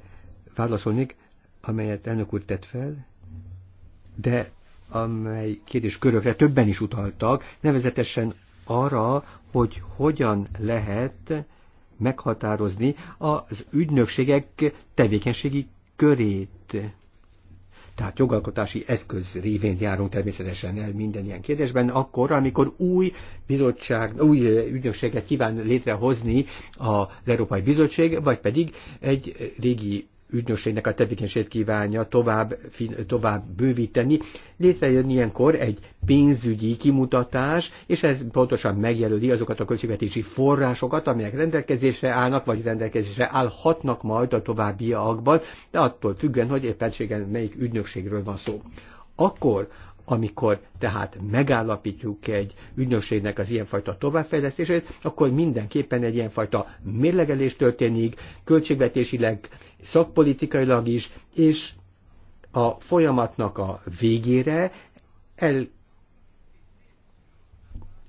válaszolnék, amelyet elnök úr tett fel, de amely kérdéskörökre többen is utaltak, nevezetesen arra, hogy hogyan lehet meghatározni az ügynökségek tevékenységi körét. Tehát jogalkotási eszköz révén járunk természetesen el minden ilyen kérdésben, akkor, amikor új bizottság, új ügynökséget kíván létrehozni az Európai Bizottság, vagy pedig egy régi ügynökségnek a tevékenységét kívánja tovább, tovább bővíteni. Létrejön ilyenkor egy pénzügyi kimutatás, és ez pontosan megjelöli azokat a költségvetési forrásokat, amelyek rendelkezésre állnak, vagy rendelkezésre állhatnak majd a továbbiakban, de attól függően, hogy éppenségen melyik ügynökségről van szó. Akkor, amikor tehát megállapítjuk egy ügynökségnek az ilyenfajta továbbfejlesztését, akkor mindenképpen egy ilyenfajta mérlegelés történik, költségvetésileg, szakpolitikailag is, és a folyamatnak a végére el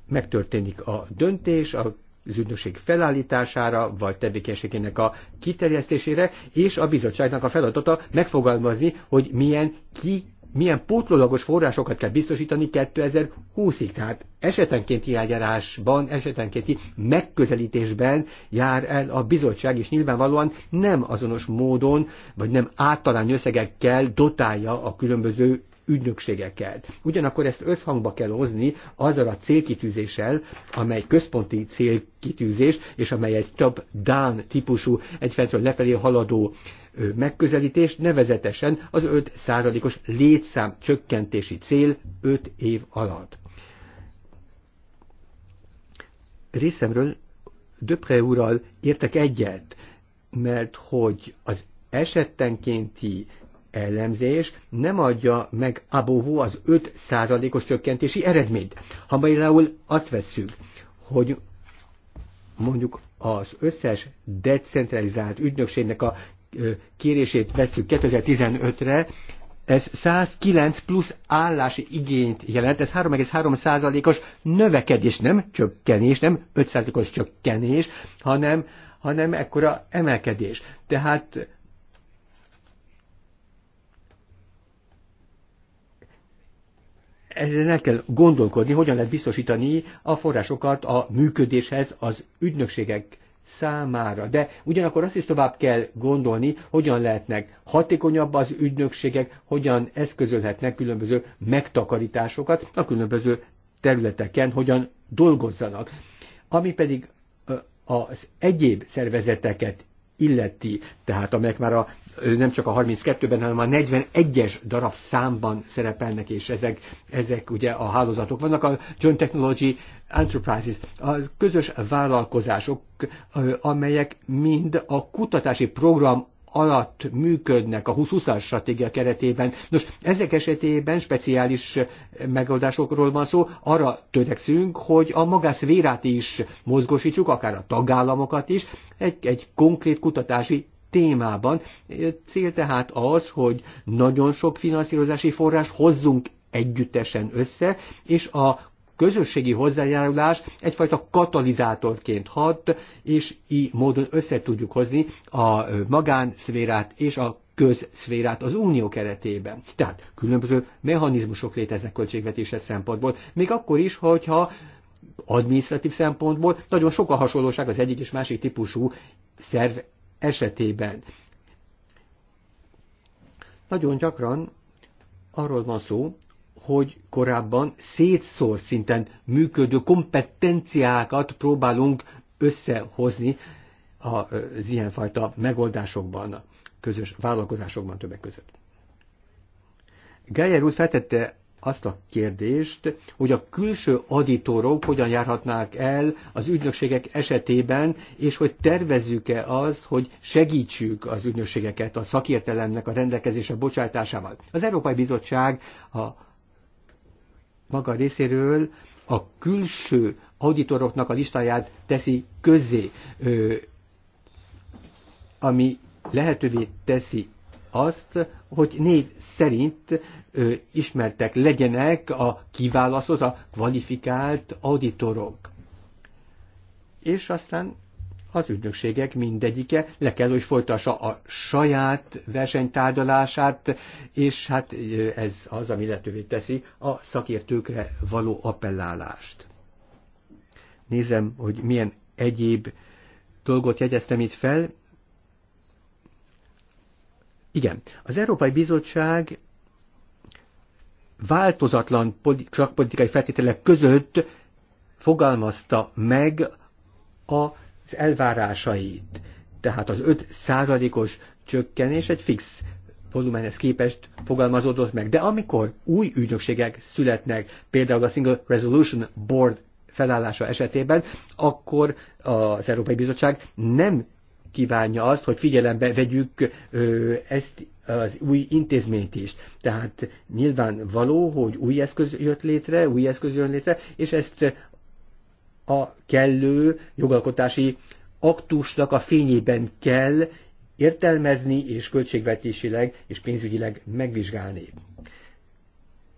megtörténik a döntés, a az ügynökség felállítására, vagy tevékenységének a kiterjesztésére, és a bizottságnak a feladata megfogalmazni, hogy milyen ki milyen pótlólagos forrásokat kell biztosítani 2020-ig. Tehát esetenkénti eljárásban, esetenkénti megközelítésben jár el a bizottság, és nyilvánvalóan nem azonos módon, vagy nem általány összegekkel dotálja a különböző ügynökségeket. Ugyanakkor ezt összhangba kell hozni azzal a célkitűzéssel, amely központi célkitűzés, és amely egy top-down típusú, egyfelől lefelé haladó megközelítést, nevezetesen az 5 százalékos létszám csökkentési cél 5 év alatt. Részemről Döpre úrral értek egyet, mert hogy az esettenkénti ellenzés nem adja meg abóvó az 5 százalékos csökkentési eredményt. Ha például azt vesszük, hogy mondjuk az összes decentralizált ügynökségnek a kérését veszük 2015-re, ez 109 plusz állási igényt jelent, ez 3,3 százalékos növekedés, nem csökkenés, nem 5 százalékos csökkenés, hanem, hanem ekkora emelkedés. Tehát ezzel el kell gondolkodni, hogyan lehet biztosítani a forrásokat a működéshez, az ügynökségek számára. De ugyanakkor azt is tovább kell gondolni, hogyan lehetnek hatékonyabb az ügynökségek, hogyan eszközölhetnek különböző megtakarításokat a különböző területeken, hogyan dolgozzanak. Ami pedig az egyéb szervezeteket illeti, tehát amelyek már a, nem csak a 32-ben, hanem a 41-es darab számban szerepelnek, és ezek, ezek ugye a hálózatok vannak, a Joint Technology Enterprises, a közös vállalkozások, amelyek mind a kutatási program alatt működnek a 20 as stratégia keretében. Nos, ezek esetében speciális megoldásokról van szó, arra törekszünk, hogy a vérát is mozgosítsuk, akár a tagállamokat is, egy, egy konkrét kutatási témában. Cél tehát az, hogy nagyon sok finanszírozási forrás hozzunk együttesen össze, és a közösségi hozzájárulás egyfajta katalizátorként hat, és így módon össze tudjuk hozni a magánszférát és a közszférát az unió keretében. Tehát különböző mechanizmusok léteznek költségvetéses szempontból, még akkor is, hogyha adminisztratív szempontból nagyon sok a hasonlóság az egyik és másik típusú szerv esetében. Nagyon gyakran arról van szó, hogy korábban szétszór szinten működő kompetenciákat próbálunk összehozni az ilyenfajta megoldásokban, közös vállalkozásokban többek között. Geyer úr feltette azt a kérdést, hogy a külső aditorok hogyan járhatnák el az ügynökségek esetében, és hogy tervezzük-e azt, hogy segítsük az ügynökségeket a szakértelemnek a rendelkezésre bocsátásával. Az Európai Bizottság a maga részéről a külső auditoroknak a listáját teszi ö, ami lehetővé teszi azt, hogy név szerint ö, ismertek legyenek a kiválasztott, a kvalifikált auditorok. És aztán az ügynökségek mindegyike le kell, hogy folytassa a saját versenytárgyalását, és hát ez az, ami lehetővé teszi a szakértőkre való appellálást. Nézem, hogy milyen egyéb dolgot jegyeztem itt fel. Igen, az Európai Bizottság változatlan politikai feltételek között fogalmazta meg a elvárásait. Tehát az 5 százalékos csökkenés egy fix volumenhez képest fogalmazódott meg. De amikor új ügynökségek születnek, például a Single Resolution Board felállása esetében, akkor az Európai Bizottság nem kívánja azt, hogy figyelembe vegyük ö, ezt az új intézményt is. Tehát nyilván való, hogy új eszköz jött létre, új eszköz jön létre, és ezt a kellő jogalkotási aktusnak a fényében kell értelmezni és költségvetésileg és pénzügyileg megvizsgálni.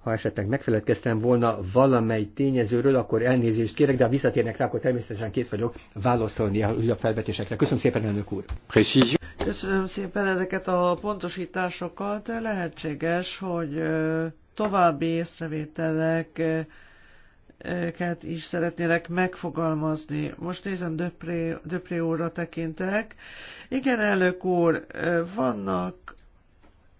Ha esetleg megfeledkeztem volna valamely tényezőről, akkor elnézést kérek, de ha visszatérnek rá, akkor természetesen kész vagyok válaszolni a újabb felvetésekre. Köszönöm szépen, elnök úr! Köszönöm szépen ezeket a pontosításokat. Lehetséges, hogy további észrevételek ket is szeretnélek megfogalmazni. Most nézem, Döpré, Döpré úrra tekintek. Igen, elnök úr, vannak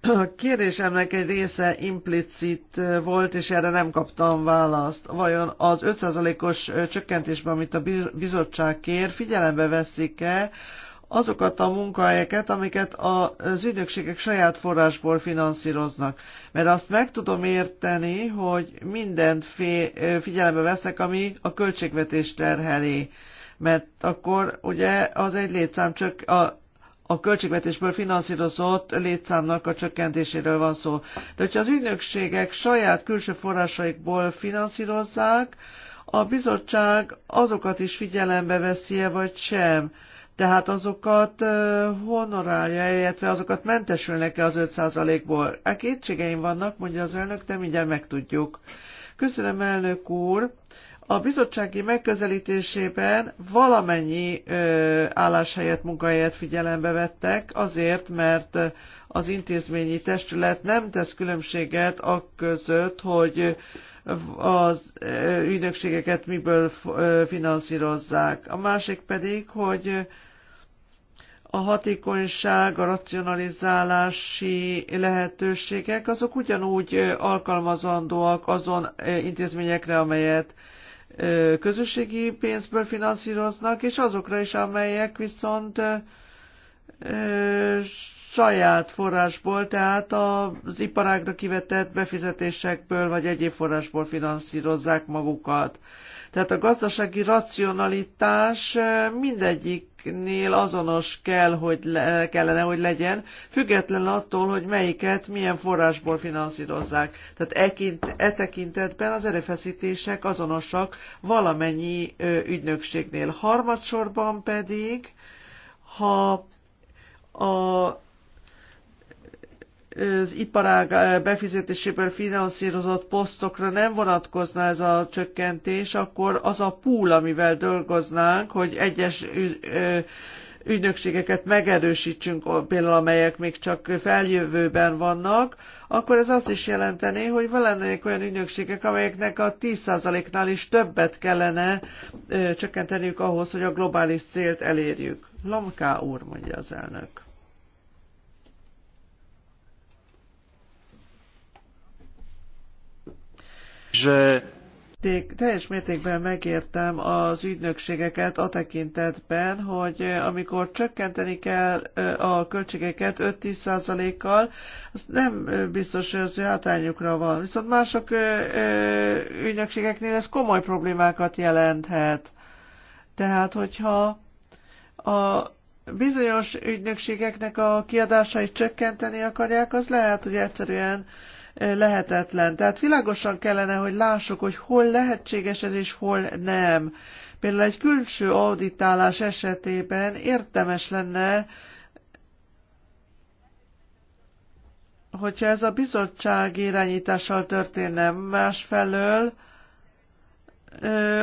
a kérdésemnek egy része implicit volt, és erre nem kaptam választ. Vajon az 5%-os csökkentésben, amit a bizottság kér, figyelembe veszik-e azokat a munkahelyeket, amiket az ügynökségek saját forrásból finanszíroznak. Mert azt meg tudom érteni, hogy mindent figyelembe vesznek, ami a költségvetést terheli. Mert akkor ugye az egy létszám csak a, a költségvetésből finanszírozott létszámnak a csökkentéséről van szó. De hogyha az ügynökségek saját külső forrásaikból finanszírozzák, a bizottság azokat is figyelembe veszi-e vagy sem tehát azokat honorálja, illetve azokat mentesülnek-e az 5%-ból. E kétségeim vannak, mondja az elnök, de mindjárt megtudjuk. Köszönöm, elnök úr! A bizottsági megközelítésében valamennyi ö, álláshelyet, munkahelyet figyelembe vettek, azért, mert az intézményi testület nem tesz különbséget a között, hogy az ügynökségeket miből finanszírozzák. A másik pedig, hogy a hatékonyság, a racionalizálási lehetőségek, azok ugyanúgy alkalmazandóak azon intézményekre, amelyet közösségi pénzből finanszíroznak, és azokra is, amelyek viszont saját forrásból, tehát az iparágra kivetett befizetésekből vagy egyéb forrásból finanszírozzák magukat. Tehát a gazdasági racionalitás eh, mindegyiknél azonos kell, hogy le, kellene, hogy legyen, független attól, hogy melyiket milyen forrásból finanszírozzák. Tehát e, kint, e tekintetben az erőfeszítések azonosak valamennyi ö, ügynökségnél. Harmadsorban pedig, ha a az iparág eh, befizetéséből finanszírozott posztokra nem vonatkozna ez a csökkentés, akkor az a pool, amivel dolgoznánk, hogy egyes ügynökségeket megerősítsünk, például amelyek még csak feljövőben vannak, akkor ez azt is jelentené, hogy lennének olyan ügynökségek, amelyeknek a 10%-nál is többet kellene csökkenteniük ahhoz, hogy a globális célt elérjük. Lamká úr, mondja az elnök. że teljes mértékben megértem az ügynökségeket a tekintetben, hogy amikor csökkenteni kell a költségeket 5-10%-kal, az nem biztos, hogy az hátányukra van. Viszont mások ügynökségeknél ez komoly problémákat jelenthet. Tehát, hogyha a bizonyos ügynökségeknek a kiadásait csökkenteni akarják, az lehet, hogy egyszerűen lehetetlen. Tehát világosan kellene, hogy lássuk, hogy hol lehetséges ez és hol nem. Például egy külső auditálás esetében értemes lenne, hogyha ez a bizottság irányítással történne másfelől,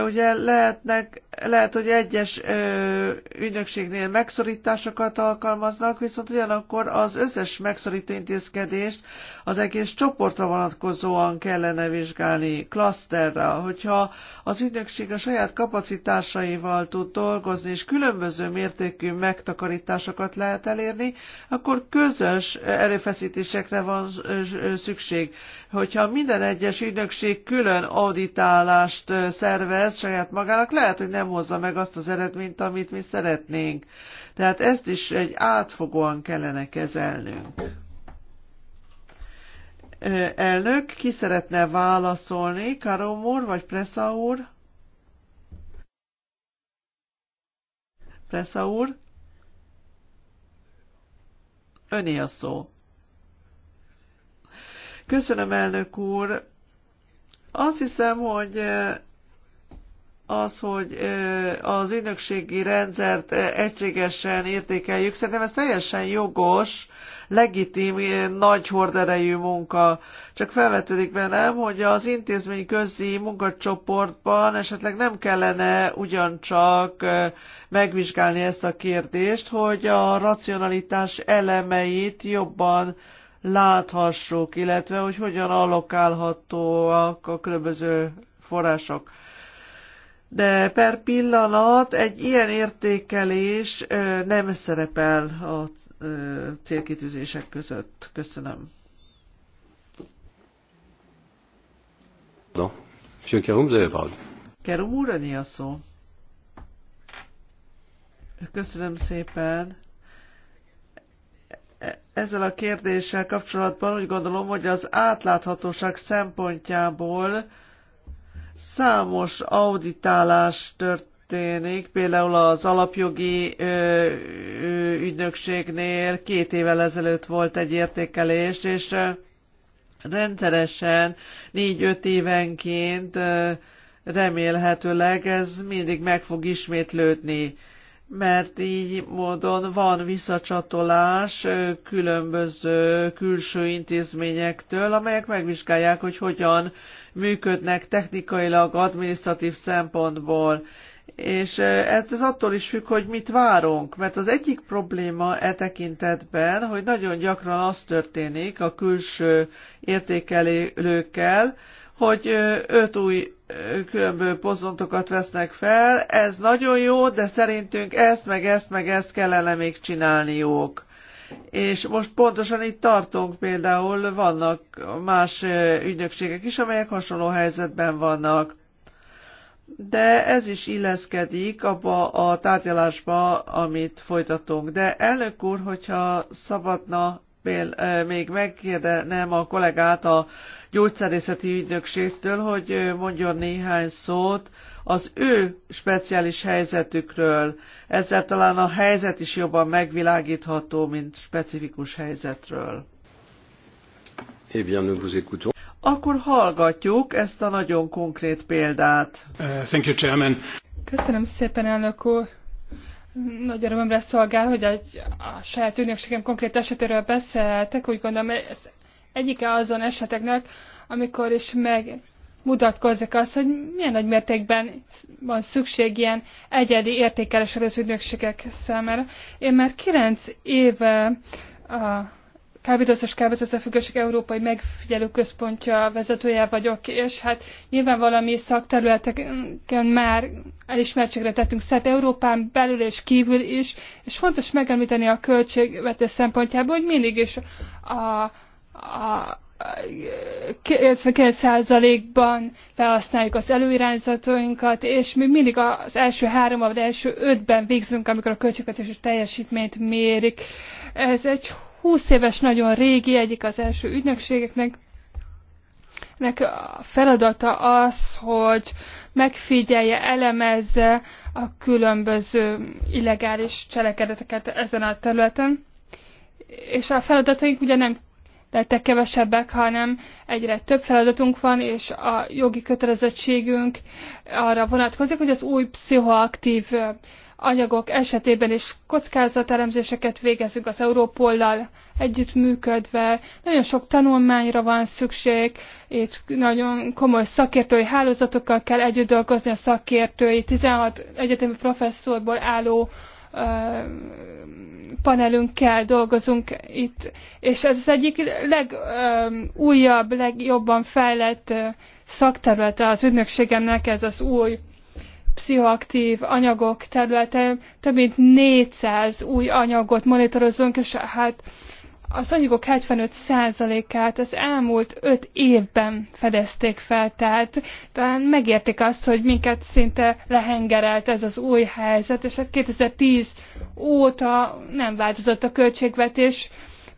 ugye lehetnek, lehet, hogy egyes ügynökségnél megszorításokat alkalmaznak, viszont ugyanakkor az összes megszorító intézkedést az egész csoportra vonatkozóan kellene vizsgálni, klaszterre. Hogyha az ügynökség a saját kapacitásaival tud dolgozni, és különböző mértékű megtakarításokat lehet elérni, akkor közös erőfeszítésekre van szükség hogyha minden egyes ügynökség külön auditálást szervez saját magának, lehet, hogy nem hozza meg azt az eredményt, amit mi szeretnénk. Tehát ezt is egy átfogóan kellene kezelnünk. Elnök, ki szeretne válaszolni? Karom úr vagy Pressa úr? Pressa úr? Öné a szó. Köszönöm, elnök úr. Azt hiszem, hogy eh, az, hogy eh, az ügynökségi rendszert eh, egységesen értékeljük, szerintem ez teljesen jogos, legitim, nagy horderejű munka. Csak felvetődik bennem, hogy az intézmény közi munkacsoportban esetleg nem kellene ugyancsak megvizsgálni ezt a kérdést, hogy a racionalitás elemeit jobban láthassuk, illetve hogy hogyan allokálhatóak a különböző források. De per pillanat egy ilyen értékelés nem szerepel a célkitűzések között. Köszönöm. No. Kerum úr, a szó. Köszönöm szépen ezzel a kérdéssel kapcsolatban úgy gondolom, hogy az átláthatóság szempontjából számos auditálás történik, például az alapjogi ügynökségnél két évvel ezelőtt volt egy értékelés, és rendszeresen négy-öt évenként remélhetőleg ez mindig meg fog ismétlődni mert így módon van visszacsatolás különböző külső intézményektől, amelyek megvizsgálják, hogy hogyan működnek technikailag, administratív szempontból. És ez attól is függ, hogy mit várunk, mert az egyik probléma e tekintetben, hogy nagyon gyakran az történik a külső értékelőkkel, hogy öt új különböző pozontokat vesznek fel. Ez nagyon jó, de szerintünk ezt, meg ezt, meg ezt kellene még csinálniuk. És most pontosan itt tartunk, például vannak más ügynökségek is, amelyek hasonló helyzetben vannak. De ez is illeszkedik abba a tárgyalásba, amit folytatunk. De elnök úr, hogyha szabadna Pél, még megkérdenem a kollégát a gyógyszerészeti ügynökségtől, hogy mondjon néhány szót az ő speciális helyzetükről. Ezzel talán a helyzet is jobban megvilágítható, mint specifikus helyzetről. Eh nous vous Akkor hallgatjuk ezt a nagyon konkrét példát. Uh, thank you, Chairman. Köszönöm szépen, elnök úr nagy örömömre szolgál, hogy egy, a saját ügynökségem konkrét esetéről beszéltek. Úgy gondolom, ez egyike azon eseteknek, amikor is meg mutatkozik az, hogy milyen nagy mértékben van szükség ilyen egyedi értékelésre az ügynökségek számára. Én már kilenc éve a kábítószer kábítószer összefüggések Európai Megfigyelő Központja vezetője vagyok, és hát nyilván valami szakterületeken már elismertségre tettünk szert Európán belül és kívül is, és fontos megemlíteni a költségvetés szempontjából, hogy mindig is a, a 99%-ban felhasználjuk az előirányzatainkat, és mi mindig az első három, vagy első ötben végzünk, amikor a költségvetési teljesítményt mérik. Ez egy 20 éves, nagyon régi, egyik az első ügynökségeknek, nek a feladata az, hogy megfigyelje, elemezze a különböző illegális cselekedeteket ezen a területen. És a feladataink ugye nem lettek kevesebbek, hanem egyre több feladatunk van, és a jogi kötelezettségünk arra vonatkozik, hogy az új pszichoaktív anyagok esetében is kockázatelemzéseket végezünk az Európollal együttműködve. Nagyon sok tanulmányra van szükség, itt nagyon komoly szakértői hálózatokkal kell együtt dolgozni a szakértői, 16 egyetemi professzorból álló panelünkkel dolgozunk itt, és ez az egyik legújabb, legjobban fejlett szakterülete az ügynökségemnek, ez az új pszichoaktív anyagok területen több mint 400 új anyagot monitorozunk, és hát az anyagok 75%-át az elmúlt 5 évben fedezték fel, tehát talán megértik azt, hogy minket szinte lehengerelt ez az új helyzet, és hát 2010 óta nem változott a költségvetés,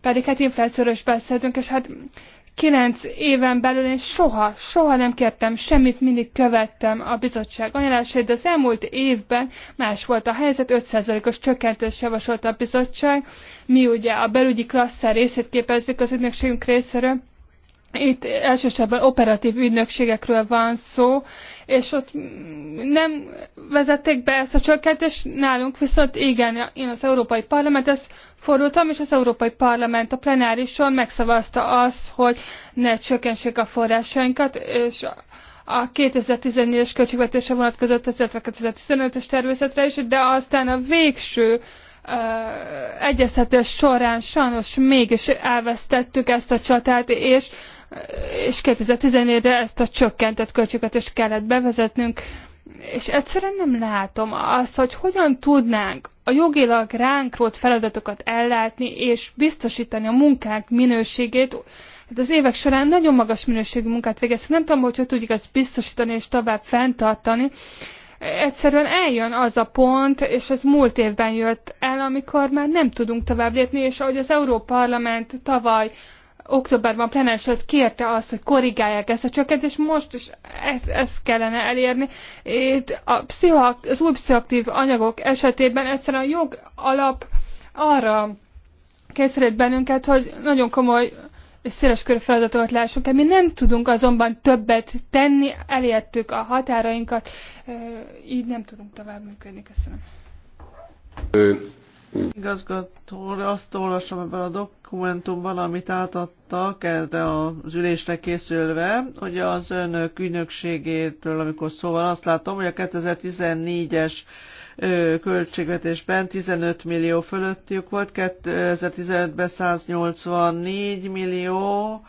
pedig hát inflációról is beszélünk, és hát kilenc éven belül én soha, soha nem kértem semmit, mindig követtem a bizottság ajánlásait, de az elmúlt évben más volt a helyzet, 5%-os csökkentést javasolt a bizottság. Mi ugye a belügyi klasszer részét képezzük az ügynökségünk részéről, itt elsősorban operatív ügynökségekről van szó, és ott nem vezették be ezt a csökkentést, nálunk viszont igen, én az Európai ezt fordultam, és az Európai Parlament a plenárison megszavazta azt, hogy ne csökkentsék a forrásainkat, és a 2014-es költségvetésre vonatkozott, a 2015-es tervezetre is, de aztán a végső egyeztetés során sajnos mégis elvesztettük ezt a csatát, és és 2014-re ezt a csökkentett költségvetést kellett bevezetnünk, és egyszerűen nem látom azt, hogy hogyan tudnánk a jogilag ránk rót feladatokat ellátni és biztosítani a munkánk minőségét. Hát az évek során nagyon magas minőségű munkát végeztek, nem tudom, hogy hogy tudjuk ezt biztosítani és tovább fenntartani. Egyszerűen eljön az a pont, és ez múlt évben jött el, amikor már nem tudunk tovább lépni, és ahogy az parlament tavaly októberben plenáris előtt kérte azt, hogy korrigálják ezt a csökkentést, most is ezt, ezt kellene elérni. Itt a az új pszichoaktív anyagok esetében egyszerűen a jog alap arra kényszerít bennünket, hogy nagyon komoly és körű feladatokat lássunk el. Mi nem tudunk azonban többet tenni, elértük a határainkat, így nem tudunk tovább működni. Köszönöm. Igazgató, azt olvasom ebben a dokumentumban, amit átadtak erre az ülésre készülve, hogy az önök ügynökségétől, amikor szóval azt látom, hogy a 2014-es költségvetésben 15 millió fölöttük volt, 2015-ben 184 millió,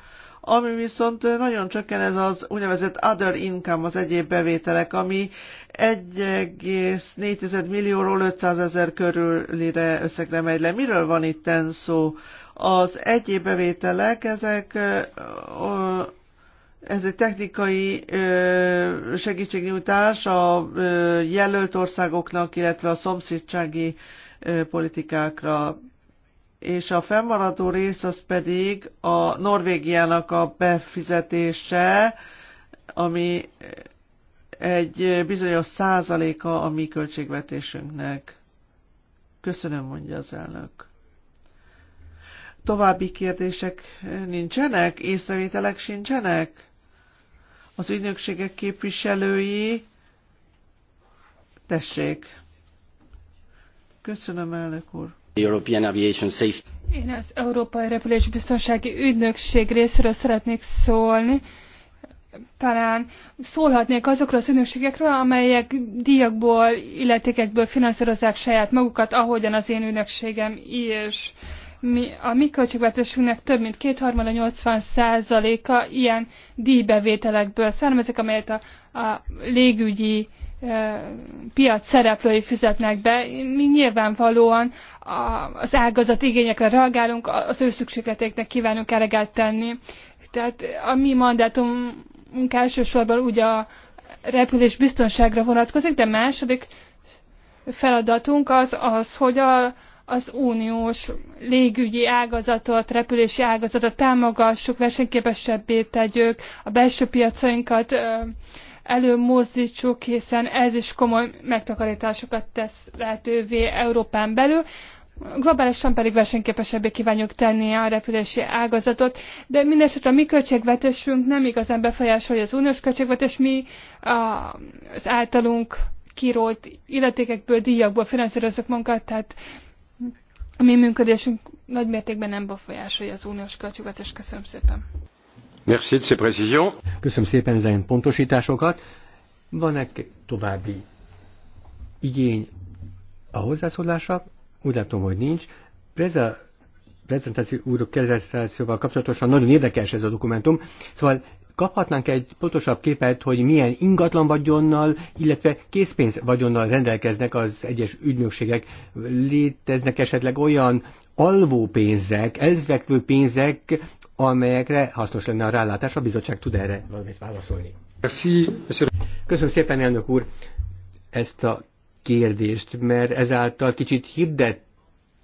ami viszont nagyon csökken ez az úgynevezett other income, az egyéb bevételek, ami 1,4 millióról 500 ezer körülire összegre megy le. Miről van itt szó? Az egyéb bevételek, ezek ez egy technikai segítségnyújtás a jelölt országoknak, illetve a szomszédsági politikákra és a fennmaradó rész az pedig a Norvégiának a befizetése, ami egy bizonyos százaléka a mi költségvetésünknek. Köszönöm, mondja az elnök. További kérdések nincsenek? Észrevételek sincsenek? Az ügynökségek képviselői? Tessék. Köszönöm, elnök úr. Én az Európai Repülés Biztonsági Ügynökség részéről szeretnék szólni. Talán szólhatnék azokról az ügynökségekről, amelyek díjakból, illetékekből finanszírozzák saját magukat, ahogyan az én ügynökségem is. Mi, a mi költségvetésünknek több mint kétharmada, 80 százaléka ilyen díjbevételekből származik, amelyet a, a légügyi piac szereplői fizetnek be. Mi nyilvánvalóan az ágazat igényekre reagálunk, az ő szükségletéknek kívánunk eleget tenni. Tehát a mi mandátumunk elsősorban ugye a repülés biztonságra vonatkozik, de második feladatunk az, az hogy a, az uniós légügyi ágazatot, repülési ágazatot támogassuk, versenyképesebbé tegyük, a belső piacainkat ö, előmozdítsuk, hiszen ez is komoly megtakarításokat tesz lehetővé Európán belül. Globálisan pedig versenyképesebbé kívánjuk tenni a repülési ágazatot, de mindesetre a mi költségvetésünk nem igazán befolyásolja az uniós költségvetés, mi az általunk kirolt illetékekből, díjakból finanszírozunk magunkat, tehát a mi működésünk nagymértékben nem befolyásolja az uniós költségvetés. Köszönöm szépen! Merci de ces précisions. Köszönöm szépen ezen pontosításokat. Van-e további igény a hozzászólásra? Úgy látom, hogy nincs. Preza prezentáció úrok kezelszációval kapcsolatosan nagyon érdekes ez a dokumentum. Szóval kaphatnánk egy pontosabb képet, hogy milyen ingatlan vagyonnal, illetve készpénz vagyonnal rendelkeznek az egyes ügynökségek. Léteznek esetleg olyan alvó pénzek, elvekvő pénzek, amelyekre hasznos lenne a rálátás. A bizottság tud erre valamit válaszolni. Köszönöm szépen, elnök úr, ezt a kérdést, mert ezáltal kicsit hirdet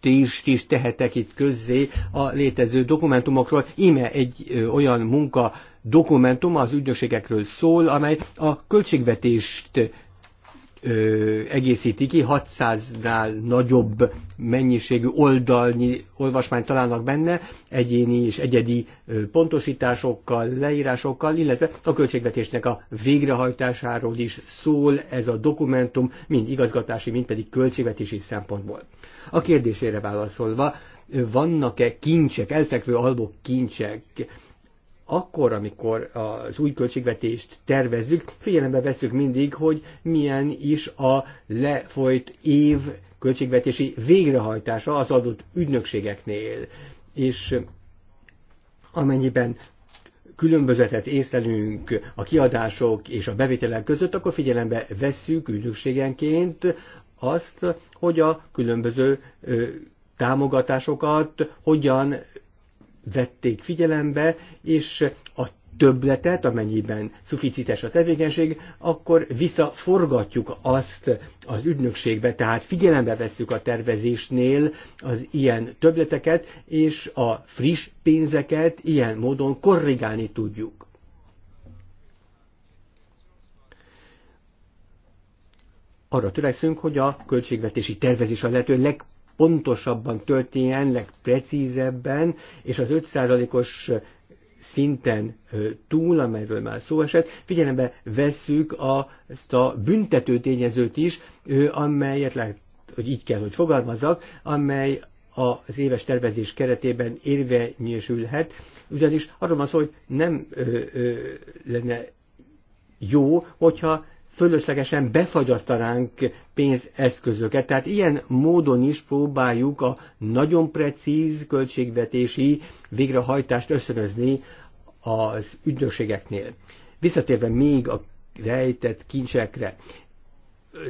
is, is tehetek itt közzé a létező dokumentumokról. íme egy ö, olyan munka dokumentum az ügynökségekről szól, amely a költségvetést ö, egészíti ki, 600-nál nagyobb mennyiségű oldalnyi olvasmányt találnak benne, egyéni és egyedi ö, pontosításokkal, leírásokkal, illetve a költségvetésnek a végrehajtásáról is szól ez a dokumentum, mind igazgatási, mind pedig költségvetési szempontból. A kérdésére válaszolva, vannak-e kincsek, elfekvő alvok kincsek, akkor, amikor az új költségvetést tervezzük, figyelembe veszük mindig, hogy milyen is a lefolyt év költségvetési végrehajtása az adott ügynökségeknél. És amennyiben különbözetet észlelünk a kiadások és a bevételek között, akkor figyelembe vesszük ügynökségenként azt, hogy a különböző támogatásokat hogyan vették figyelembe, és a többletet, amennyiben szuficites a tevékenység, akkor visszaforgatjuk azt az ügynökségbe, tehát figyelembe vesszük a tervezésnél az ilyen többleteket, és a friss pénzeket ilyen módon korrigálni tudjuk. Arra törekszünk, hogy a költségvetési tervezés a lehető leg pontosabban történjen, legprecízebben, és az 5%-os szinten túl, amelyről már szó esett, figyelembe vesszük azt a büntető tényezőt is, amelyet lehet, hogy így kell, hogy fogalmazzak, amely az éves tervezés keretében érvényesülhet, ugyanis arról van szó, hogy nem ö, ö, lenne jó, hogyha fölöslegesen befagyasztanánk pénzeszközöket. Tehát ilyen módon is próbáljuk a nagyon precíz költségvetési végrehajtást összönözni az ügynökségeknél. Visszatérve még a rejtett kincsekre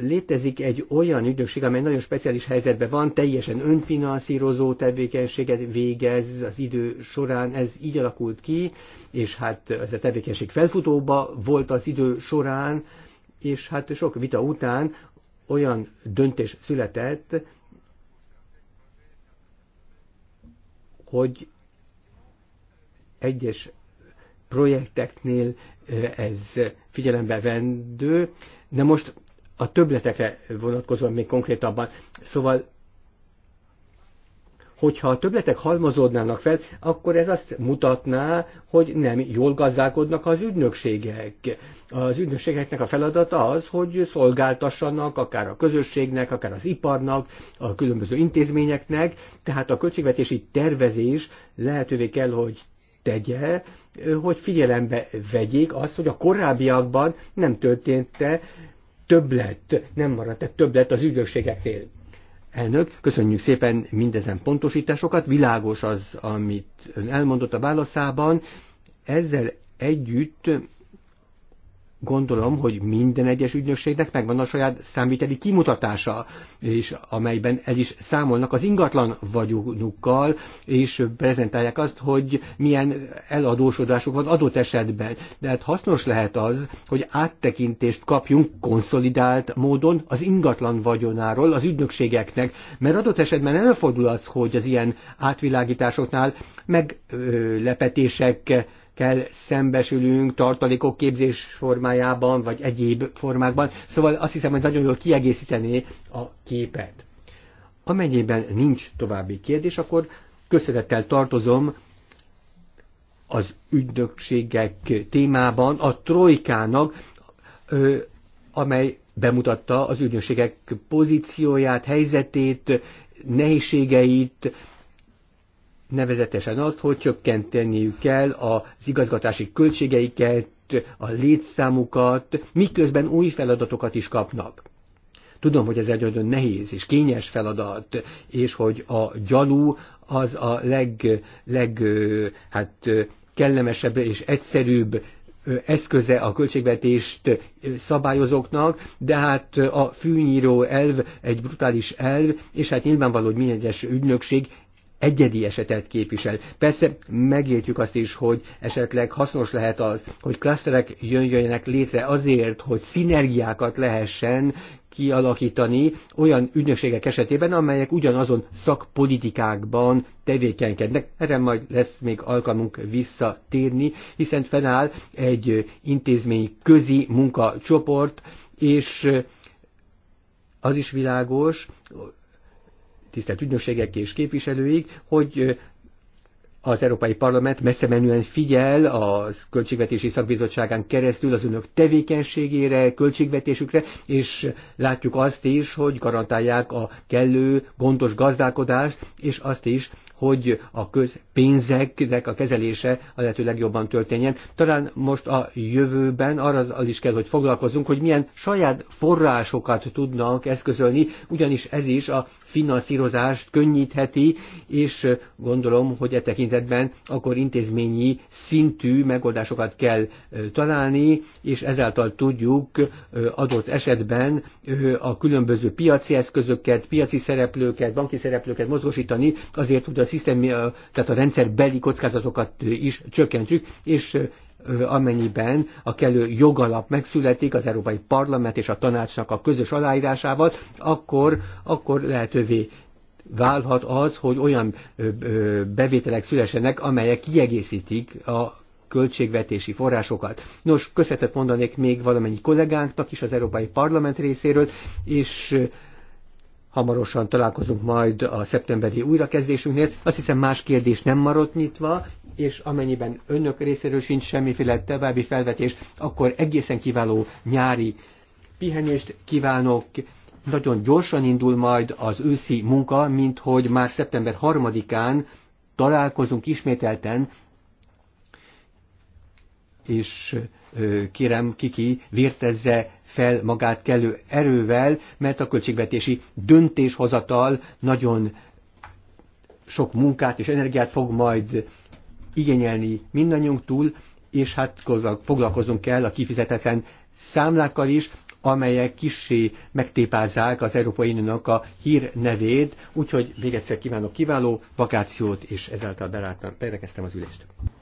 létezik egy olyan ügynökség, amely nagyon speciális helyzetben van, teljesen önfinanszírozó tevékenységet végez az idő során, ez így alakult ki, és hát ez a tevékenység felfutóba volt az idő során, és hát sok vita után olyan döntés született, hogy egyes projekteknél ez figyelembe vendő, de most a többletekre vonatkozom még konkrétabban. Szóval hogyha a töbletek halmozódnának fel, akkor ez azt mutatná, hogy nem jól gazdálkodnak az ügynökségek. Az ügynökségeknek a feladata az, hogy szolgáltassanak akár a közösségnek, akár az iparnak, a különböző intézményeknek, tehát a költségvetési tervezés lehetővé kell, hogy tegye, hogy figyelembe vegyék azt, hogy a korábbiakban nem történt-e többlet, nem maradt-e többlet az ügynökségeknél. Elnök, köszönjük szépen mindezen pontosításokat. Világos az, amit ön elmondott a válaszában. Ezzel együtt gondolom, hogy minden egyes ügynökségnek megvan a saját számviteli kimutatása, és amelyben el is számolnak az ingatlan vagyonukkal, és prezentálják azt, hogy milyen eladósodásuk van adott esetben. De hát hasznos lehet az, hogy áttekintést kapjunk konszolidált módon az ingatlan vagyonáról az ügynökségeknek, mert adott esetben előfordul az, hogy az ilyen átvilágításoknál meglepetések kell szembesülünk tartalékok képzés formájában, vagy egyéb formákban. Szóval azt hiszem, hogy nagyon jól kiegészítené a képet. Amennyiben nincs további kérdés, akkor köszönettel tartozom az ügynökségek témában a trojkának, amely bemutatta az ügynökségek pozícióját, helyzetét, nehézségeit, nevezetesen azt, hogy csökkenteniük kell az igazgatási költségeiket, a létszámukat, miközben új feladatokat is kapnak. Tudom, hogy ez egy nagyon nehéz és kényes feladat, és hogy a gyalú az a leg, leg hát, kellemesebb és egyszerűbb eszköze a költségvetést szabályozóknak, de hát a fűnyíró elv egy brutális elv, és hát nyilvánvaló, hogy minden egyes ügynökség egyedi esetet képvisel. Persze megértjük azt is, hogy esetleg hasznos lehet az, hogy klaszterek jönjönjenek létre azért, hogy szinergiákat lehessen kialakítani olyan ügynökségek esetében, amelyek ugyanazon szakpolitikákban tevékenykednek. Erre majd lesz még alkalmunk visszatérni, hiszen fennáll egy intézmény közi munkacsoport, és az is világos, tisztelt ügynökségek és képviselőik, hogy az Európai Parlament messze menően figyel a Költségvetési Szakbizottságán keresztül az önök tevékenységére, költségvetésükre, és látjuk azt is, hogy garantálják a kellő, gondos gazdálkodást, és azt is, hogy a közpénzeknek a kezelése a lehető legjobban történjen. Talán most a jövőben arra az is kell, hogy foglalkozunk, hogy milyen saját forrásokat tudnak eszközölni, ugyanis ez is a finanszírozást könnyítheti, és gondolom, hogy e tekintetben akkor intézményi szintű megoldásokat kell találni, és ezáltal tudjuk adott esetben a különböző piaci eszközöket, piaci szereplőket, banki szereplőket mozgósítani, azért, hogy a szisztémi, tehát a rendszerbeli kockázatokat is csökkentsük, és amennyiben a kellő jogalap megszületik az Európai Parlament és a tanácsnak a közös aláírásával, akkor, akkor lehetővé válhat az, hogy olyan bevételek szülesenek, amelyek kiegészítik a költségvetési forrásokat. Nos, köszönetet mondanék még valamennyi kollégánknak is az Európai Parlament részéről, és hamarosan találkozunk majd a szeptemberi újrakezdésünknél. Azt hiszem más kérdés nem maradt nyitva, és amennyiben önök részéről sincs semmiféle további felvetés, akkor egészen kiváló nyári pihenést kívánok. Nagyon gyorsan indul majd az őszi munka, mint hogy már szeptember harmadikán találkozunk ismételten és kérem Kiki virtezze fel magát kellő erővel, mert a költségvetési döntéshozatal nagyon sok munkát és energiát fog majd igényelni mindannyiunktól, és hát foglalkozunk kell a kifizetetlen számlákkal is, amelyek kissé megtépázzák az Európai Uniónak a hír nevét, úgyhogy még egyszer kívánok kiváló vakációt, és ezáltal berekeztem az ülést.